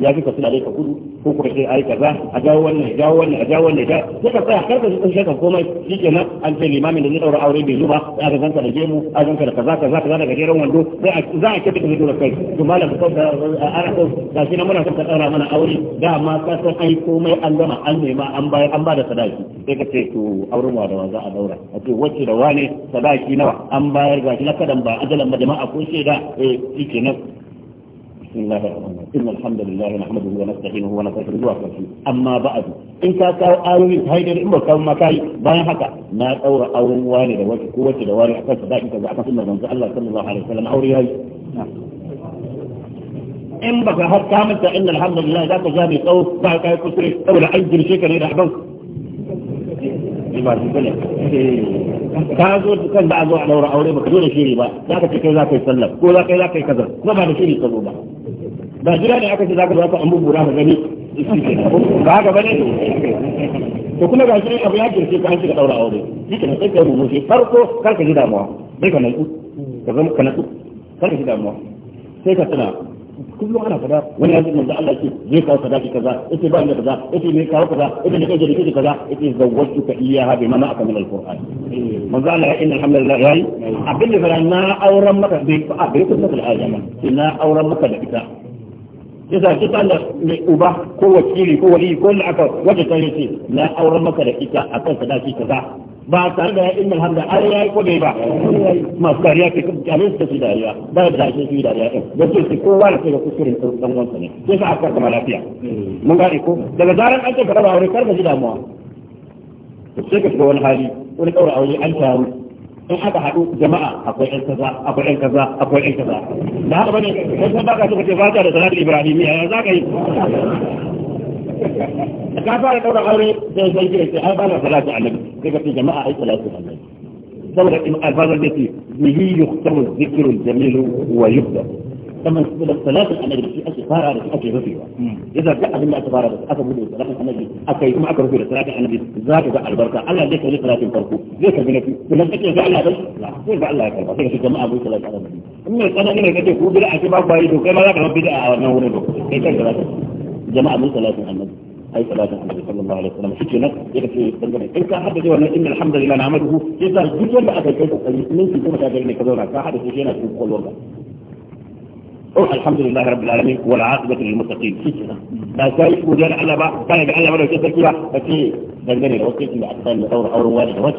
ya fi kasu suna ka kudu ko kuma sai yi kaza a jawo wannan ya jawo wannan ya jawo wannan ya ce ka tsaya karka su kunshe kan komai shi nan an ce limamin da zai daura aure bai zuba a ka zanka da gemu a zanka da kaza kaza kaza daga geren wando sai za a kike ka dora kai to malam ka da ana ko da shi na muna son ka daura mana aure da ma ka san ai komai an gama an nema an bayar an ba da sadaki sai ka ce to auren wa da wa za a daura a ce wacce da wane sadaki nawa an bayar ga shi na kadan ba ajalan ba jama'a ko shaida eh shi nan بسم الله الرحمن الرحيم ان الحمد لله نحمده ونستعينه ونستغفره ونستغفره اما بعد ان كان كاو ايوي هاي دير امبا كاو ماكاي باي هكا نا داورا اورن واني دا واتي كو واتي دا واري حتى دا انت زعما سنة من الله صلى الله عليه وسلم اوري هاي ان بقى هاد كامل ان الحمد لله ذاك جابي تو با كاي كسري تو لا اي جير شيكري دا حدوك كازو كان بعضه على ورا أوري بكذور شيري با لا تكذب لا تكذب لا تكذب لا تكذب ما بعد شيري كذوبا ba jira ne aka ce za ka za ka an bubura ka gani ba haka bane to kuma ga shi abu ya girce ka an shiga daura aure shi ke sai kai rubuce farko kar ka ji damuwa bai ka nan ka zama ka natsu kar ka ji damuwa sai ka tuna kullum ana kaza wani yanzu manzo Allah ce zai kawo kaza ki kaza yace ba ni kaza yace ne kawo kaza yace ne kaje kike kaza yace zawwatu ka iyaha bi mana akamil alquran manzo Allah ya inna alhamdulillah yayi abin da na auren maka bai fa bai kuma da ajama ina auren maka da ita yasa duk Allah mai uba ko wakili ko wali ko wanda aka wata ta yace na auren maka da ita akan sadaki kaza ba tare da innal hamda ai yayi ko bai ba masu dariya ke kamin da su dariya ba da ake su dariya din da su su kowa da su kusurin dan wansa ne sai ka aka kama lafiya mun gane ko daga zaran an ce ka raba aure kar ka ji damuwa sai ka shiga wani hali wani kaura aure an taru in aka haɗu jama'a akwai ɗan kaza akwai ɗan kaza akwai ɗan kaza da haka bane kai san baka so kace fata da salatul ibrahimiyya ya za ka yi ka fara daura aure sai sai kire sai ai bana salatu annabi sai ka ce jama'a ai salatu annabi saboda in alfazar da ke bihi yuhtamu dhikrul jamilu wa yuhdamu كما نقول الثلاثة النبي في أشي فارع في أشي رفيوة إذا جاء بالله تبارك وتعالى أكبر له ثلاثة النبي أكيد ما أكبر فيه ثلاثة النبي ذاك ذا البركة ألا ليس لي ثلاثة فرقه ليس بنفسي بنفسي فعل هذا لا كيف فعل الله البركة في الجماعة أبو ثلاثة النبي من أنا من قد هو بلا أشي ما كما لا كان بدا أنا ورده كيف ثلاثة جماعة أبو ثلاثة النبي أي ثلاثة النبي صلى الله عليه وسلم في لك يكفي تنجمي إن كان حد يقول إن الحمد لله نعمله إذا جدا بأكل كيف المسلمين في كل هذا اللي كذولا كان حد يجينا في كل الحمد لله رب العالمين والعاقبة للمتقين ما سايش مجال على بعض كان يجعل على بعض كثيرة فكي دقني لو كنت بعد ثاني أو رواني رواني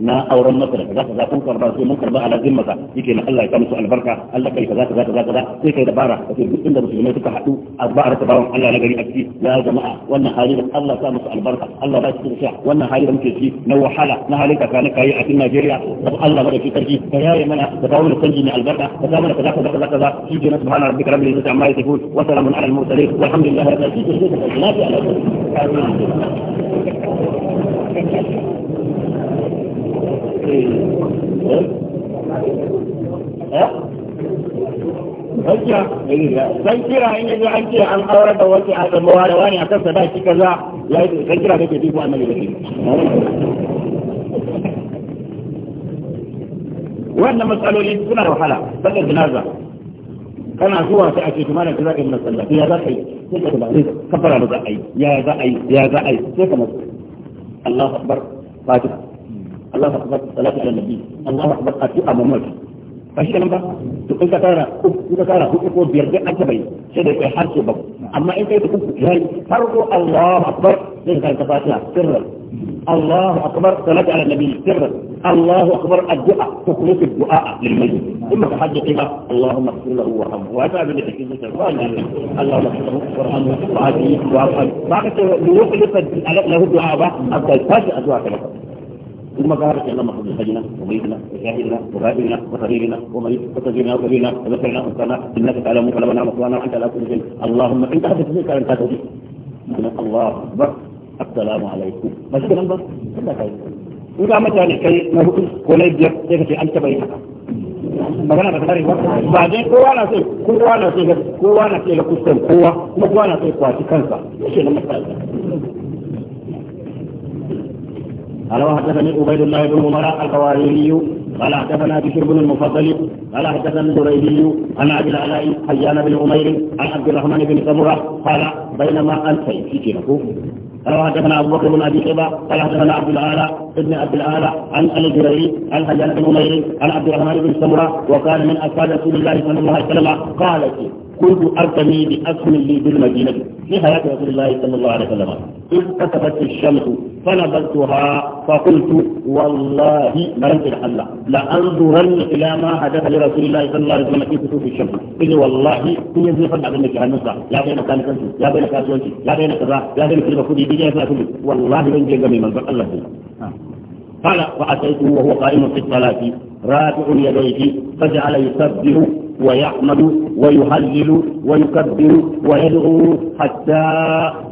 na auren masa da zaka zaka kun karba sai mun karba ala zimmata yake na Allah ya sa musu albarka Allah kai kaza kaza kaza kaza sai kai dabara kace duk inda musulmai suka hadu azbar ta bawon Allah na gari a ciki ya jama'a wannan hali da Allah ya musu albarka Allah ba shi da shi wannan hali da muke ci na wahala na hali ka kana kai a cikin Najeriya da Allah ba da shi karfi da yayi mana da bawon da canji ne albarka da zamana mana kaza kaza kaza kaza shi ke na subhana rabbika rabbil izzati amma yasifun wa salamun ala al mursalin walhamdulillahi rabbil alamin dan kira in yanzu an ce an aure da wace a zama da wani a kansa kan sadaki kaza ya yi dan kira kake dubu annabi da shi wannan matsaloli suna da wahala sallar jinaza kana zuwa sai a ce kuma da kaza in masallaci ya za ka yi sai ka ba kafara da za a yi ya za a yi ya za a yi sai ka masu Allahu akbar fatiha الله أكبر صلاة على النبي الله أكبر أتوقع مموت فشي كلام بقى تقول كتارة كنت كتارة كنت كنت بيرجع أنت بي في حرس بقى أما أنت تكون جاي فرق الله أكبر ليس كانت فاتحة سرا الله أكبر صلاة على النبي سرا الله أكبر الدعاء تخلص الدعاء للميت إما تحدث إلى اللهم اغفر له وارحمه وأتى بالحكيم اللهم اغفر له وارحمه وعافيه وعافيه بعد له الدعاء بقى أبدا الفاتحة دعاء كلام ثم قال ان اللهم خذ حجنا وميتنا وشاهدنا وغائبنا وصغيرنا وميت وصغيرنا وكبيرنا وذكرنا وانثانا انك تعلم ولنا وصانا وانت لا كل شيء اللهم انت حدث بك انت توفيق الله اكبر السلام عليكم بس كده بس كده كده in ga mutane kai na hudu ko na biyar sai ka ce an taba yi haka magana ba tare ba ba dai kowa na sai kowa na sai kowa na sai ga kuskuren kowa قال وحدثني عبيد الله بن عمر القواريري قال حدثنا بشر بن المفضل قال حدثنا الزبيدي عن عبد العلاء حيان بن عمير عن عبد الرحمن بن سمره قال بينما انت في كيركو قال وحدثنا ابو بكر بن ابي شيبه قال حدثنا عبد الاعلى ابن عبد الاعلى عن الجريري عن حيان بن عمير عن عبد الرحمن بن سمره وكان من اصحاب رسول الله صلى الله عليه وسلم قال كنت أرتمي بأسم لي بالمدينة في حياة رسول الله صلى الله عليه وسلم إذ كتبت الشمس فنبذتها فقلت والله ما رجل الله لأنظرن إلى ما حدث لرسول الله صلى الله عليه وسلم في كسوف الشمس إذ والله في يزيد فرد عبد لا هنسى يا بين كالسنس يا بين كالسنس يا بين كذا يا بين كلمة خذي بيجي كله والله من جيجا من منظر الله قال فأتيته وهو قائم في الصلاة رافع يديه فجعل يسبه ويحمد ويهلل ويكبر ويدعو حتى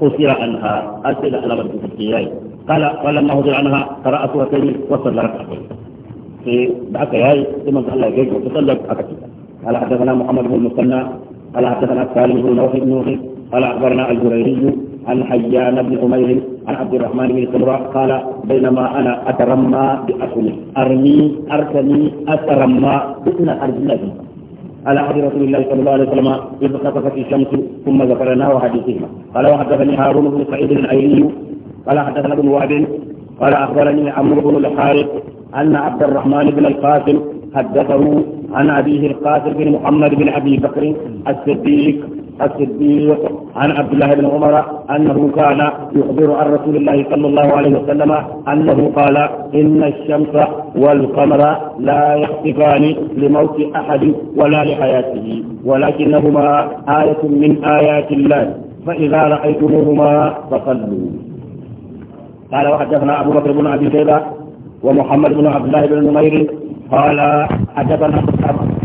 قصر عنها أسئلة على بركة الكيان قال ولما هدر عنها قرأ سورتين وصلى ركعتين في بعد هاي ثم الله يجيك وتصلى ركعتين قال حدثنا محمد بن المثنى قال حدثنا سالم بن نوح بن نوح قال اخبرنا الجريري عن حيان بن عمير عن عبد الرحمن بن سمرة قال بينما انا اترمى بأكل ارمي ارتمي اترمى باسم ارجلتي على عهد رسول الله صلى الله عليه وسلم إذ خسفت الشمس ثم ذكرنا وحديثهما قال وحدثني هارون بن سعيد الأيلي قال حدثنا ابن وهب قال أخبرني عمرو بن الحارث أن عبد الرحمن بن القاسم حدثه عن أبيه القاسم بن محمد بن أبي بكر الصديق الصديق عن عبد الله بن عمر أنه كان يخبر عن رسول الله صلى الله عليه وسلم أنه قال إن الشمس والقمر لا يختفان لموت أحد ولا لحياته ولكنهما آية من آيات الله فإذا رأيتموهما فصلوا قال وحدثنا أبو بكر بن أبي شيبة ومحمد بن عبد الله بن نمير قال حدثنا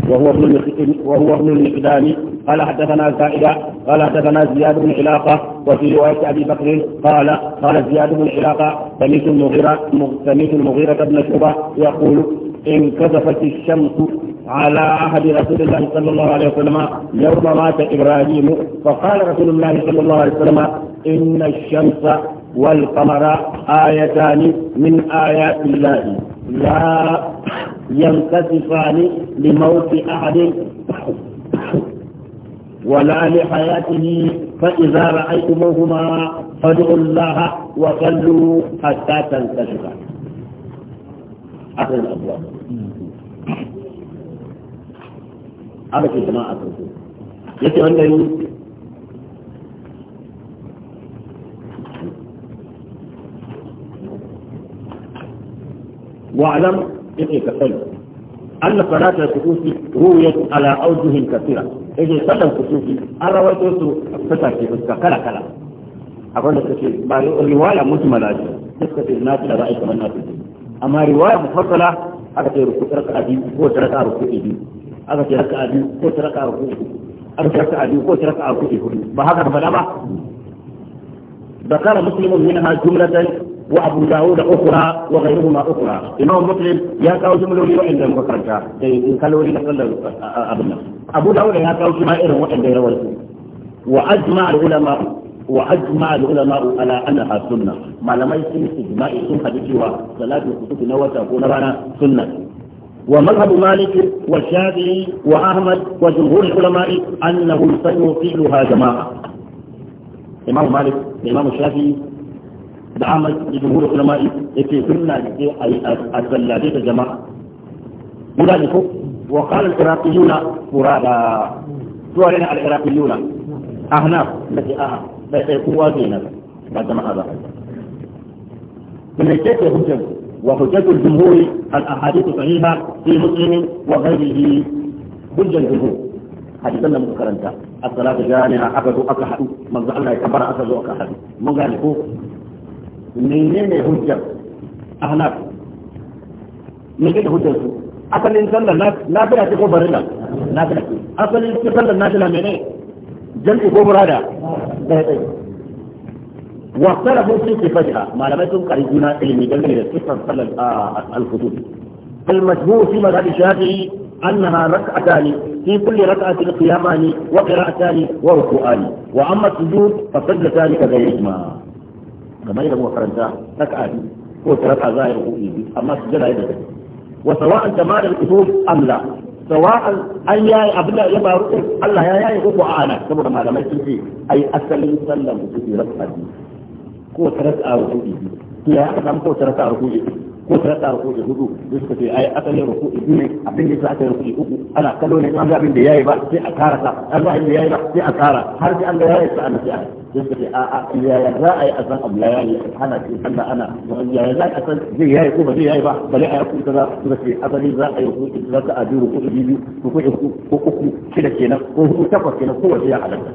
وهو ابن وهو ابن المقدام قال حدثنا زائدة قال حدثنا زياد بن علاقة وفي رواية أبي بكر قال قال زياد بن علاقة سميت المغيرة سميت المغيرة بن شعبة يقول إن كذفت الشمس على عهد رسول الله صلى الله عليه وسلم يوم مات إبراهيم فقال رسول الله صلى الله عليه وسلم إن الشمس والقمر آيتان من آيات الله لا ينكسفان لموت أحد ولا لحياته فإذا رأيتموهما فادعوا الله وصلوا حتى تنكشفا آخر الأبواب هذا في جماعة يتي عندي واعلم إني كفيت أن صلاة الكفوف رويت على أوجه كثيرة yake sallan kusufi an rawaito su fitace fuska kala kala akwai da suke ba riwaya mujmala ce suka ce na da ra'ayi kamar na fi amma riwaya mufassala aka ce ruku raka'a biyu ko ta raka'a ruku biyu aka ce raka'a biyu ko ta raka'a ruku biyu aka ce raka'a biyu ko ta raka'a ruku biyu ba haka ba da ba ذكر مسلم منها جملة وابو داود اخرى وغيرهما اخرى امام مسلم يا كاو جملولي وعند المفكرتا إيه، دي كالوري نقل آه، آه، ابنا ابو داود يا كاو وين وعند رواه واجمع العلماء واجمع العلماء على انها سنه ما لم يكن اجماع سن حديثي صلاه الكتب نوتا كون رانا سنه ومذهب مالك والشافعي واحمد وجمهور العلماء انه سيطيلها جماعه امام مالك امام الشافعي da Ahmad da jumhur ulama'i yake sunna ne sai ayi a sallace da jama'a guda ne ko wa qala al-iraqiyuna furada to ne al-iraqiyuna ahnaf da ke aha da sai kowa ne na ba jama'a ba kuma yake hujjar وحجة الجمهور الأحاديث الصحيحة في مسلم وغيره حجة الجمهور حديثنا مذكرا الصلاة جامعة أبد أكحد من زعلنا يكبر أكحد من قال menene hujjar ahnaf menene hujjar su asalin sallar nafila ce ko barilla nafila ce asalin sallar nafila menene jam'i ko murada ɗaya ɗaya واختلفوا في صفتها ما لم يكن قريبنا علمي دليل صفة صلى الخطوب المشهور في مذهب الشافعي انها ركعتان في كل ركعه قيامان وقراءتان وركوعان واما السجود فسجدتان كغيرهما kamar yadda muka karanta raka'a ko ta raka'a za a yi amma su jira yadda take wa sawa'an tamara al-qusub amla sawa'an an yayi abin da ya faru din Allah ya yayi ko a ana saboda malamai sun ce ai asalin sallan mutum raka'a biyu ko ta raka'a ruku'i biyu ya aka samu ko ta raka'a ruku'i biyu rasa ruku'i hudu da suka ce ai asalin ruku'i biyu ne abin da aka yi ruku'i uku ana kallo ne an ga abin da yayi ba sai a kara sa an ga abin da yayi ba sai a kara har sai an ga yayi sa an sai sai suka ce a a yaya za a yi a san abu ya yi ana ce sallah ana yaya za a san zai yayi ko ba zai yayi ba bale a yaku kaza suka ce asali za a yi ruku'i za ka a biyu ruku'i biyu ruku'i ko uku shida kenan ko hudu takwas kenan ko wace ya halatta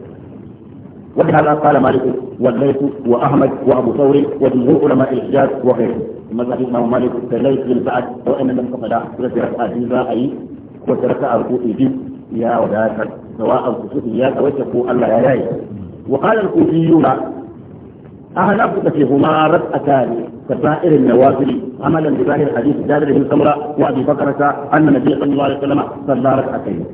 ولهذا قال مالك والليث واحمد وابو ثور وجمهور علماء الحجاز وغيرهم مذهب الإمام مالك ليس بالبعد وإنما انتقد ثلاث ركعات إذا أي وتركع ركوعي به يا وذاك سواء الخصوصيات أو يتقوا الله يا ياي وقال الكوفيون أهلاك فيهما ركعتان كسائر النوافل عملا بظاهر الحديث جابر بن سمره وابي بكرة ان النبي صلى الله عليه وسلم صلى ركعتين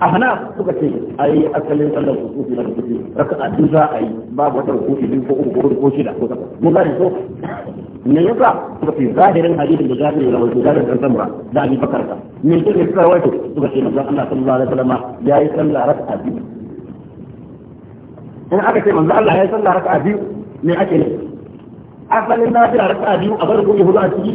ahna suka ce ai asalin sallar kusufi na kusufi raka a duk za a yi babu wata kusufi biyu ko uku ko hudu ko shida ko takwas mun gane ko me yasa suka ce zahirin hadisin da zahirin da rawaito zahirin san samura da abin bakar ne me ne suka rawaito suka ce manzon Allah sallallahu alaihi wasallam ya yi sallah raka biyu in aka ce manzon Allah ya yi sallah raka biyu me ake ne asalin na raka biyu a bar ko yahudu a ciki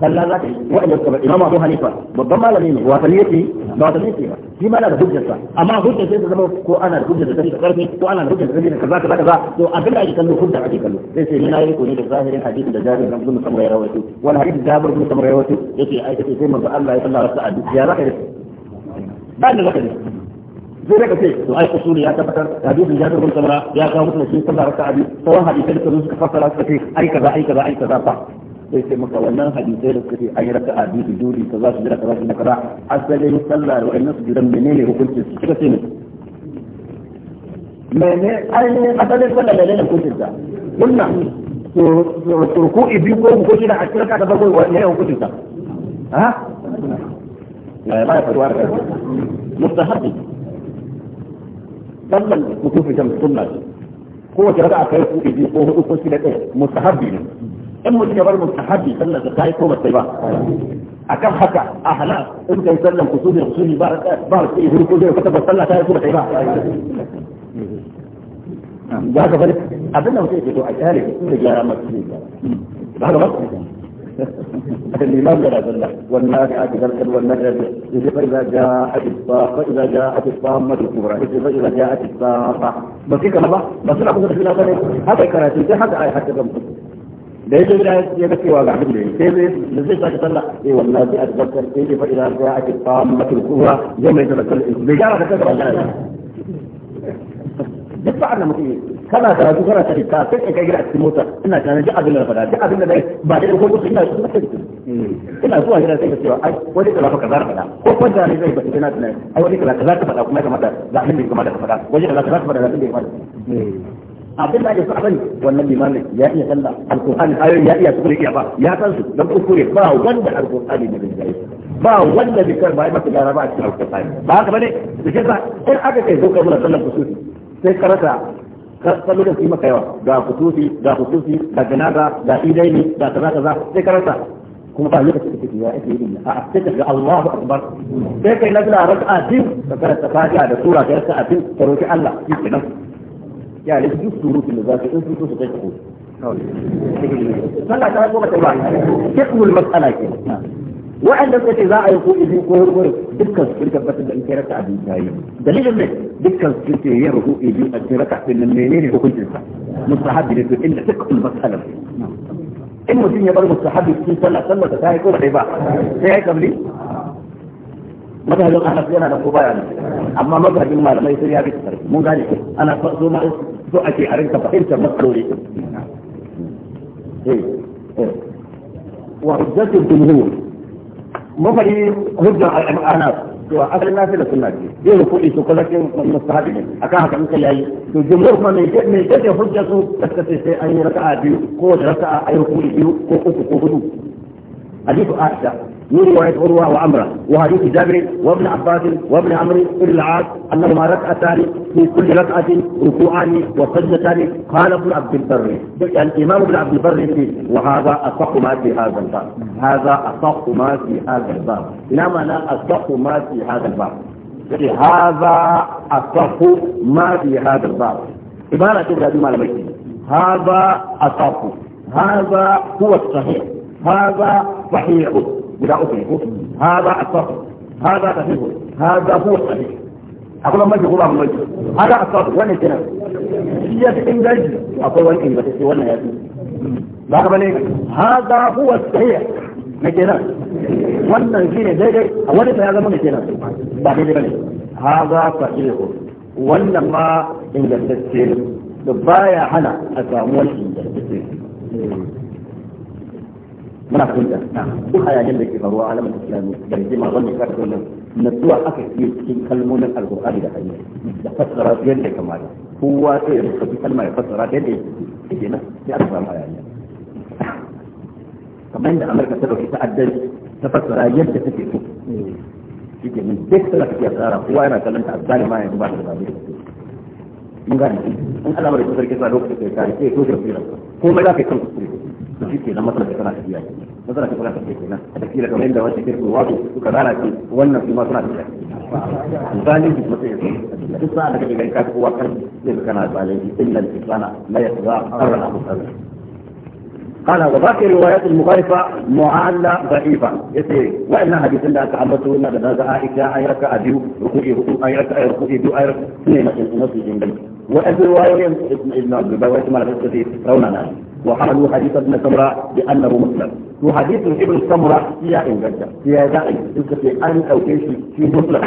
sallah za wa'anda suka bar imam abu hanifa babban malami ne wasanni yake ba wasanni yake ba shi ma na da hujjarsa amma hujjar sai ta zama ko ana da hujjar da take da karfi ko ana da hujjar da take kaza kaza kaza to abin da ake kallo hujjar ake kallo sai sai na yi ko ne da zahirin hadisin da jabir bin Abdullah samura ya rawaito wani hadisin jabir bin samura ya rawaito yace ai kace sai manzo Allah ya sallara sa'a ya za ka ba da za ka zai daga ce to ai usuli ya tabbatar hadisin jabir bin samura ya kawo mutum shi sallara sa'a biyu sauran hadisan da suka fassara suka ce ai kaza ai kaza ai kaza fa sai ce maka wannan hadisai da suka ce an yi raka a biyu sujudi ka za su jira ka za su jira kaza asalin sallah da wa'annan sujudan menene hukuncin su suka ce ne mene ainihin asalin sallah menene hukuncin sa kunna turku ibiyu ko hukunci da a cikin ka ta bakwai wa'annan hukuncin sa ha ما يفتوى مستحب صلى الكسوف شمس سنة قوة ركعة كيف يجي قوة أكو سنة مستحب in mutum ya bar mustahabi sallar da ta yi ko bata yi ba akan haka ahla in kai sallan kusuri da kusuri ba ba sai hurku zai fata sallah ta yi ko bata yi ba ba ka bari abin da mutum ya to a kyale da gyara masu ba ba الإمام لا يزال والناجعة ذلك والنجد فإذا جاءت الصاخة فإذا جاءت الصامة الكبرى فإذا جاءت الصاخة بس كما بس لا بد من هذا هذا كراتي هذا أي حتى da ya zo ya ga cewa ga abin da yake sai da zai sake sallah eh wallahi sai a tabbatar sai ya fa'ida ga ake tsammatul kuwa zai mai da sallah bai gara da kanka wallahi duk ba'an da mutum kana karatu kana tafi ka sai ka kai gida a cikin mota ina tana duk abin da na faɗa duk abin da dai ba da ko ina ina ina zuwa gida sai ka cewa ai wani kaza ka kaza faɗa ko kwanta ne zai bata tana tunani ai wani kaza kaza ka faɗa kuma ya kamata da abin da ya kamata ka faɗa wani kaza kaza ka faɗa da abin da ya kamata abin da ake so a sani wannan limamin ya iya sallah alkur'ani ayoyi ya iya sukuri iya ba ya san su dan kuskure ba wanda alkur'ani ne bai ba wanda bai kar bai masa gara ba a cikin alkur'ani ba haka bane da shi sa in aka kai zo kai muna sallar kusufi sai karata kallo da su maka yawa ga kusufi ga kusufi ga janaza ga idaini ga kaza kaza sai karanta kuma ba lokaci da kake ya ake yi a sai ka ga Allahu akbar sai kai nazara raka'a din ka karanta fatiha da sura ka raka'a din ka roki Allah shi kenan يعني في دكتور في النظام في دكتور في دكتور صلى الله عليه المسألة كده وعند الفتي ذا يقول في قهر قهر دكتور في كبت الانكارة تعدين جاي دليل من دكتور في كبت الانكارة تعدين جاي دليل من دكتور في كبت الانكارة تعدين جاي مصحابي لكي إن تقف المسألة إن مدين يبقى المصحابي صلى الله عليه وسلم في ورحبا سيعيك أبلي مدهل أنا فينا نقوبا يعني أما مدهل ما يصير يا بكتر مو ذلك أنا فأزو ما so ake a rinka fahimtar matsaloli eh, eh. wa hujjatu jumhur mafari hujja al-ana to a asalin nafi da sunna ce zai da kuɗi su kuma mustahabi ne akan haka muka yayi to jumhur kuma mai mai kace hujja su kaskace sai an yi raka'a biyu ko da raka'a ayi kuɗi biyu ko uku ko hudu hadithu aisha من رواية عروة وعمرة وحديث جابر وابن عباس وابن عمرو بن العاص أنهما ركعتان في كل ركعة ركوعان وسجدتان قال ابن عبد البر الإمام يعني ابن عبد البر وهذا أصح ما في هذا الباب هذا أصح ما في هذا الباب إنما معنى أصح ما في هذا الباب يعني هذا أصح ما في هذا الباب عبارة تبدأ بما هذا أصح هذا هو الصحيح هذا صحيح guda uku ne ko hada asfar hada tafsir hada huwa tafsir akwai bambanci ko ba bambanci hada asfar wannan kenan shi ya cikin gaji akwai wani in ba sai wannan ya fi ba ka bane hada huwa tafsir na kenan wannan shine daidai a wani ta ya zama ne kenan ba daidai bane hada tafsir wannan ma ingantacce ne da baya hana a samu wani ingantacce muna kunta duk hayanin da ke faruwa alamar islami da rigima wanda ya karfi wannan natsuwa aka yi cikin kalmomin alkur'ani da hanyar da fassara yadda ya kamata kowa sai ya rubuta kalma ya fassara yadda ya ke nan sai aka samu hayaniya kamar yadda amurka ta dauki ta'addanci ta fassara yadda take so shi ke nan duk tana tafiya tsara kowa yana kallon ta azzali ma yanzu ba ta da zabe mun gane in alamar da ta sarki sa lokacin da ya kare sai ya toshe firar komai za ka yi kan kuskure to shi kenan matsalar da tana tafiya matsalar da tana tafiya kenan a tafi da kamar yadda wata ke kuma wato suka lalace wannan su ma suna tafiya zalunci kuma sai ya duk sa'a da kake ganin ka kowa kan sai kana zalunci illal insana la yasra arra abu قال وباقي الروايات المخالفة معلة ضعيفة يسي وإن حديث الله تعبته إن هذا عائشة أي ركع أبيو ركوعي ركوع أي ركع أي ركوع أبيو أي ركوع سنة نصف جنبي وإن الرواية ابن عبد البر وإسماعيل الكثير رونا نعم وقالوا حديث ابن سمراء بأنه مسلم وحديث ابن سمراء يا إنجلترا يا داعي في أن أو كيش في مسلم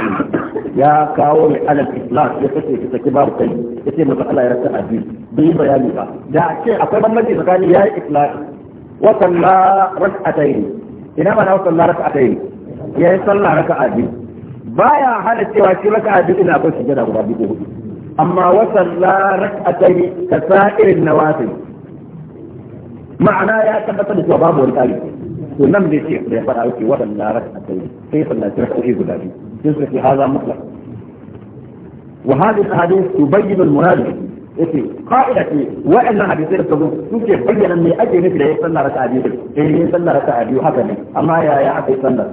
يا كاوم على الإطلاق يكفي في كبار كي يكفي مسألة يرتع الدين بي بياني با دا شيء أقوى من مجلس قال يا إطلاق وصلى ركعتين إنما أنا وصلى ركعتين يا صلى ركعتين بايا حالة سوى ركعتين إن أقول سجدة أبو أما وصلى ركعتين كسائر النوافل ma'ana ya tabbatar da cewa babu wani tsari to nan ne ce da ya fara yake a kai sai sallaci ke guda biyu sun suka ce haza mutla wa hadi al su bayyana al-murad yace qa'ida ce wa'annan hadisai da kazo suke bayyana me ake nufi da ya sallar raka'a biyu eh ne sallar raka'a biyu haka ne amma yaya aka yi sallar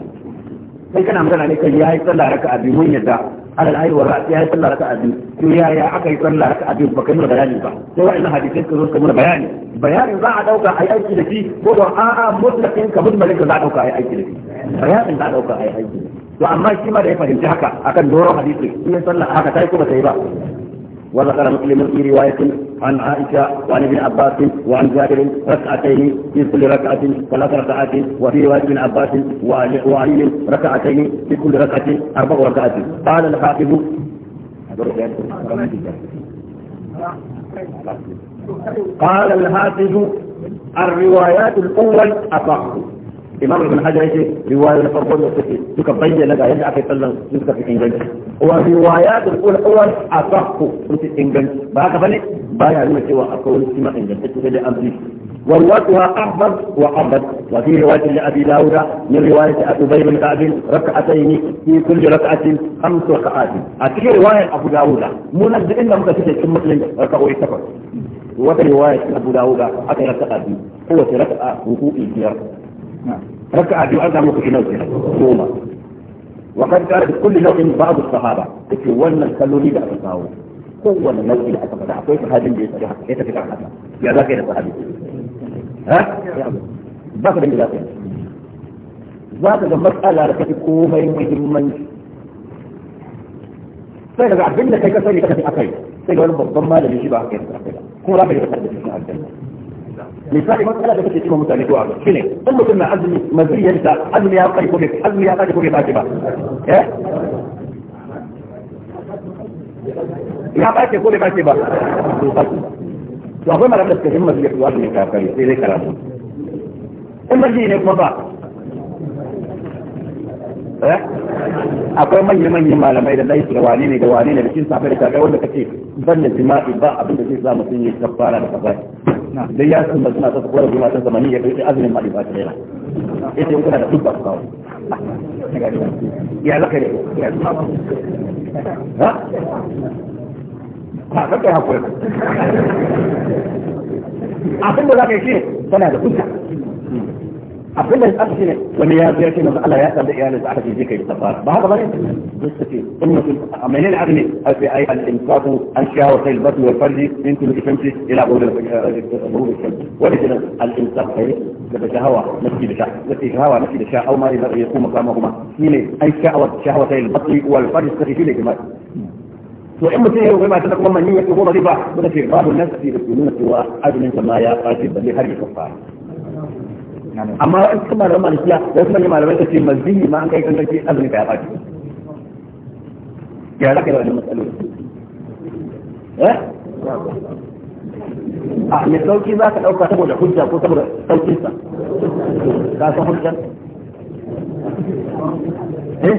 sai kana magana ne kai yayi sallar raka'a biyu mun yadda على العين والرأس يا صلى لك أبي يا يا أكا يصلى لك أبي بكم بياني با سواء إن حديثين كذول كمون بياني بياني ذا عدوك أي أي كده فيه بودو آآ مطلقين كمجملين ذا عدوك أي أي كده فيه بياني ذا عدوك أي أي كده to amma shi ma da ya fahimci haka akan doron hadisi in ya sallah haka sai kuma sai ba وذكر مسلم في رواية عن عائشة وعن ابن عباس وعن جابر ركعتين في كل ركعة ثلاث ركعات وفي رواية ابن عباس وعلي ركعتين في كل ركعة أربع ركعات قال الحافظ قال الحافظ الروايات الأول أصح imam ibn hajar yake riwaya na farko da take suka bayyana ga yadda aka yi sallan sun suka fi inganci wa riwaya da kula uwan a sakko sun fi inganci ba haka bane baya nuna cewa akwai wani sima inganci sai dai an fi ورواتها احمد وحمد وفي روايه لابي داود من روايه ابي بن كعب ركعتين في كل ركعه خمس ركعات في روايه ابو داود منزل ان مكتبه في مسلم ركعوي سفر وفي روايه ابو داود اكل ركعه هو في ركعه وقوع الديار نعم. ركعة دي أربع ممكن نوع صومة وقد كان كل نوع بعض الصحابة تتولى الكالوري ده أتقاو هو النوع اللي أتقاو ده أعطيت هذا اللي يتجحك يتفكر عنها يا ذاك يا صحابي ها؟ بكر من ذاك ذاك ده مسألة ركعت كومي مهمان sai daga abin da kai ka sani ka tafi akai sai ga wani babban malami shi misali matsala da kake cikin mutane ko abu shine in mutum na azumi mazriyarsa azumi ya kai ko bai azumi ya kai ko bai ba eh ya bace ko bai bace ba to to akwai mara da cikin mazriyar ko azumi ka kai sai dai karatu in mazri ne kuma ba eh akwai manyan manyan malamai da laifi da wani ne da wani ne da cikin safai da kaga wanda kace ban da jima'i ba abin da zai sa mutum ya kafara da kafara dai ya san suna ta kwarar goma ta zamani ya kai azumin mali ba ta yana yace kuna da dubba kawo ya laka ne ha ka ha ha abin da zaka yi shi tana da hujja abin da ya ne wani ya ziyarci masu Allah ya tsada iyalin da aka fi zika yi safara ba haka ba ne suke in mutum a mai ne abin ne a sai ai al-insafu an shawo sai al-basu wal farji min kulli shamsi ila qawli al-ghurub shamsi wani kina al-insaf kai daga shahawa nafsi da sha nafsi shahawa nafsi da sha au ma idan ya kuma kama kuma shine ai sha'awa shahawa sai al-basu wal farji sai shine jima'i to in mutum ya yi mata da kuma manyan ya ko ba zai ba ba da ce babu nafsi da sunna cewa azumin sama ya fashi balle har ya kafara amma in kuma da malikiya kuma manyan malamai ta ce mazini ma an kai kan kace azumi ka ya faɗi ya zaka da wannan matsaloli eh a me sauki za ka ɗauka saboda hujja ko saboda sa ka san hujjar eh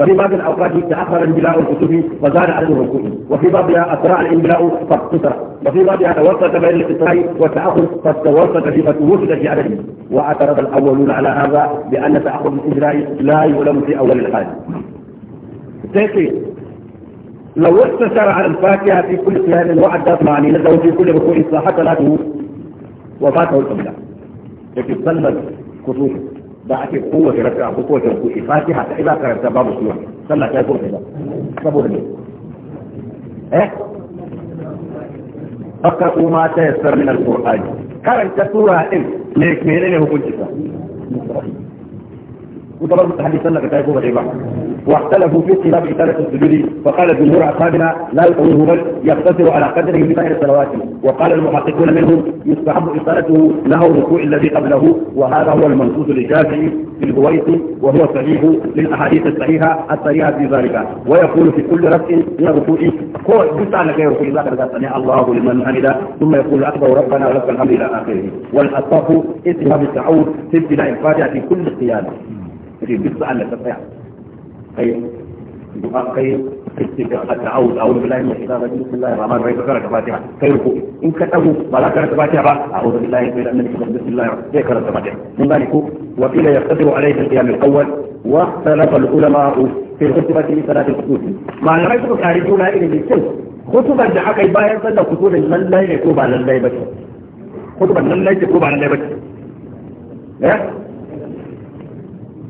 ففي بعض الاوقات تاخر انبلاء الكتب وزاد عدد الركوع وفي بعضها اسرع الانبلاء فاقتصر وفي بعضها توسط بين الاقتصاد والتاخر فتوسط في فتوسط في عدده واعترض الاولون على هذا بان تاخر الاجراء لا يعلم في اول الحال. تأتي لو اقتصر على الفاكهه في كل سهل وعد طمانينته في كل ركوع صاحت لا وفاته القبله. لكن سلمت خصوصا da ake kowace raka ko kowace ruku'i eh, fatiha ta ila karanta babu sura sallah ta ko ba saboda ne eh faqra'u ma tayassara min al karanta sura din ne ne hukunci ta وطبعا الحديث سنة كتاب غريبة واختلفوا في اختلاف إتالة السجود فقال جمهور أصحابنا لا يطوله بل يقتصر على قدره بسائر الصلوات وقال المحققون منهم يستحب إصالته له الركوع الذي قبله وهذا هو المنصوص الإجازي في الهويت وهو صحيح للأحاديث الصحيحة الصريحة في ذلك ويقول في كل رفع من الركوع هو بسعنا غير ركوع ذاك سمع الله لمن حمد ثم يقول أكبر ربنا ولك الحمد إلى آخره والاطراف استهاب بالتعود في ابتداء الفاتحة في كل قيام في بس على تطيع أي دعاء خير أعوذ بالله من الشيطان الرجيم بسم الله الرحمن الرحيم كرت فاتحة خير طيب. إن كتبه ولا كرت فاتحة أعوذ بالله من الشيطان بسم الله الرحمن الرحيم فاتحة من ذلك وقيل يقتدر عليه في القيام الأول واختلف العلماء في الخطبة في صلاة الخطوط مع الرجل خارجون إلى السن خطبة دعاك يبايع صلى خطوط من لا يكتب على الله بشر خطبة من لا يكتب على الله إيه؟ بشر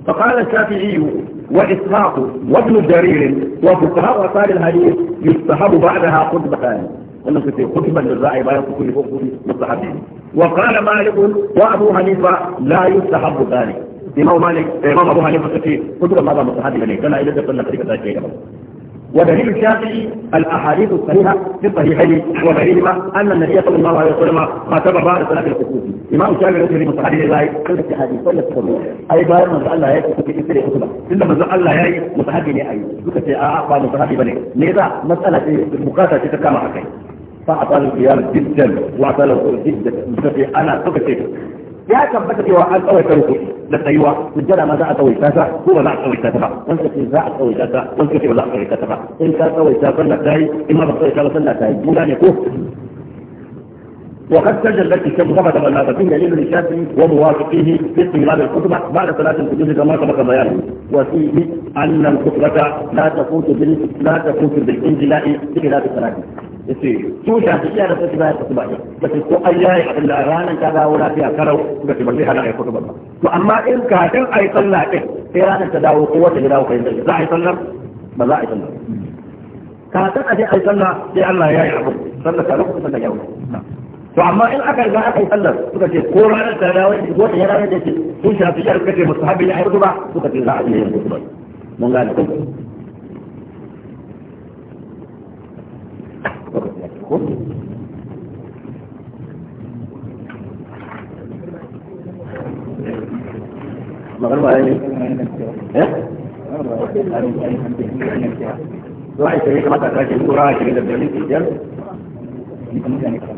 فقال الشافعي وإسحاق وابن جرير وفقهاء وصال الحديث يستحب بعدها خطبة ثانية أنه في خطبة للرأي كل خطبة مستحبين وقال مالك وأبو حنيفة لا يستحب ذلك إمام مالك إمام أبو حنيفة كثير خطبة بعد مستحبين لك أنا إذا قلنا تلك ذلك ودليل الشافعي الاحاديث الصحيحه في الصحيحين ودليلها ان النبي صلى الله عليه وسلم ما تبرع لصلاه الكسوف الامام الشافعي رضي الله عنه صلى الله عليه وسلم اي بار من سال الله يكتب في كتب الكتب الا من سال الله يعني متحدي لاي يقول في اعقاب آه، متحدي بني لذا مساله المقاتله كما حكيت فاعطى القيام جدا واعطى له جدا انا تكتب ya tabbata cewa an tsawaita ruku da tsayuwa sujjada ma za a tsawaita ta ko ba za a tsawaita ta ba wanda ce za a tsawaita ta wanda ce ba za a tsawaita ta ba in ka tsawaita sallah ta yi in ma ba tsawaita ba sallah ta yi mun gane ko وقد تجلت الشمس ضبط المنافقين لابن الشاب وموافقيه في اقتراب الخطبه بعد ثلاث حدود كما سبق بيانه وفيه ان الخطبه لا تفوت بال لا تفوت بالانجلاء في خلال الثلاث سو إيه. شاهدت يا رسول الله صلى الله عليه وسلم بس كأي أي عبد الله رانا كذا ولا في أكره بس إيه؟ بلي إيه؟ هذا يكون بالله فأما إن كان أي صلى الله في رانا كذا وقوة كذا وقيمة لا يصلى بلا يصلى كان أي صلى في الله يا رب صلى الله عليه وسلم to amma in aka riga aka yi sallar suka ce ko ranar ta dawo ranar da ce sun shafi shar kace musu habbi ya aiki ba suka ce za a iya yin ba mun gane ko magarba ne eh ra'ayi sai kamata ka ce ko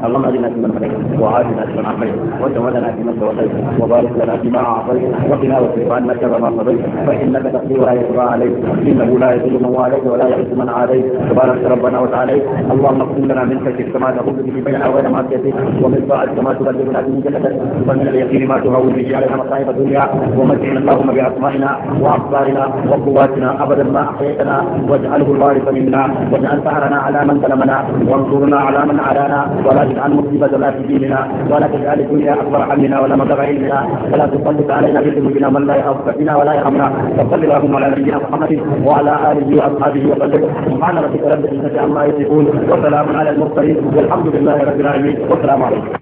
اللهم في من هديت وعافنا من عافيت وتولنا من توليت وبارك لنا فيما أعطيت وقنا واصرف عنا شر ما قضيت فإنك تقضي ولا يقضى عليك إنه لا يضل من واليت ولا يعز من عاديت تبارك ربنا وتعاليت اللهم اقسم لنا من خشيتك كما تقول به بين وبين معصيتك ومن طاعتك كما من عدو جنتك ومن اليقين ما تهون به علينا مصائب الدنيا ومتعنا اللهم بأسمائنا وأبصارنا وقواتنا أبدا ما أحييتنا واجعله الوارث منا واجعل ثأرنا على من ظلمنا وانصرنا على من عادانا مولانا ولا تجعل مصيبة لا في ديننا ولا تجعل الدنيا أكبر همنا ولا مبلغ علمنا ولا تسلط علينا بذنوبنا من لا يخافك فينا ولا يرحمنا وصل اللهم على نبينا محمد وعلى آله وأصحابه وسلم سبحان ربك رب العزة عما يصفون وسلام على المرسلين والحمد لله رب العالمين والسلام عليكم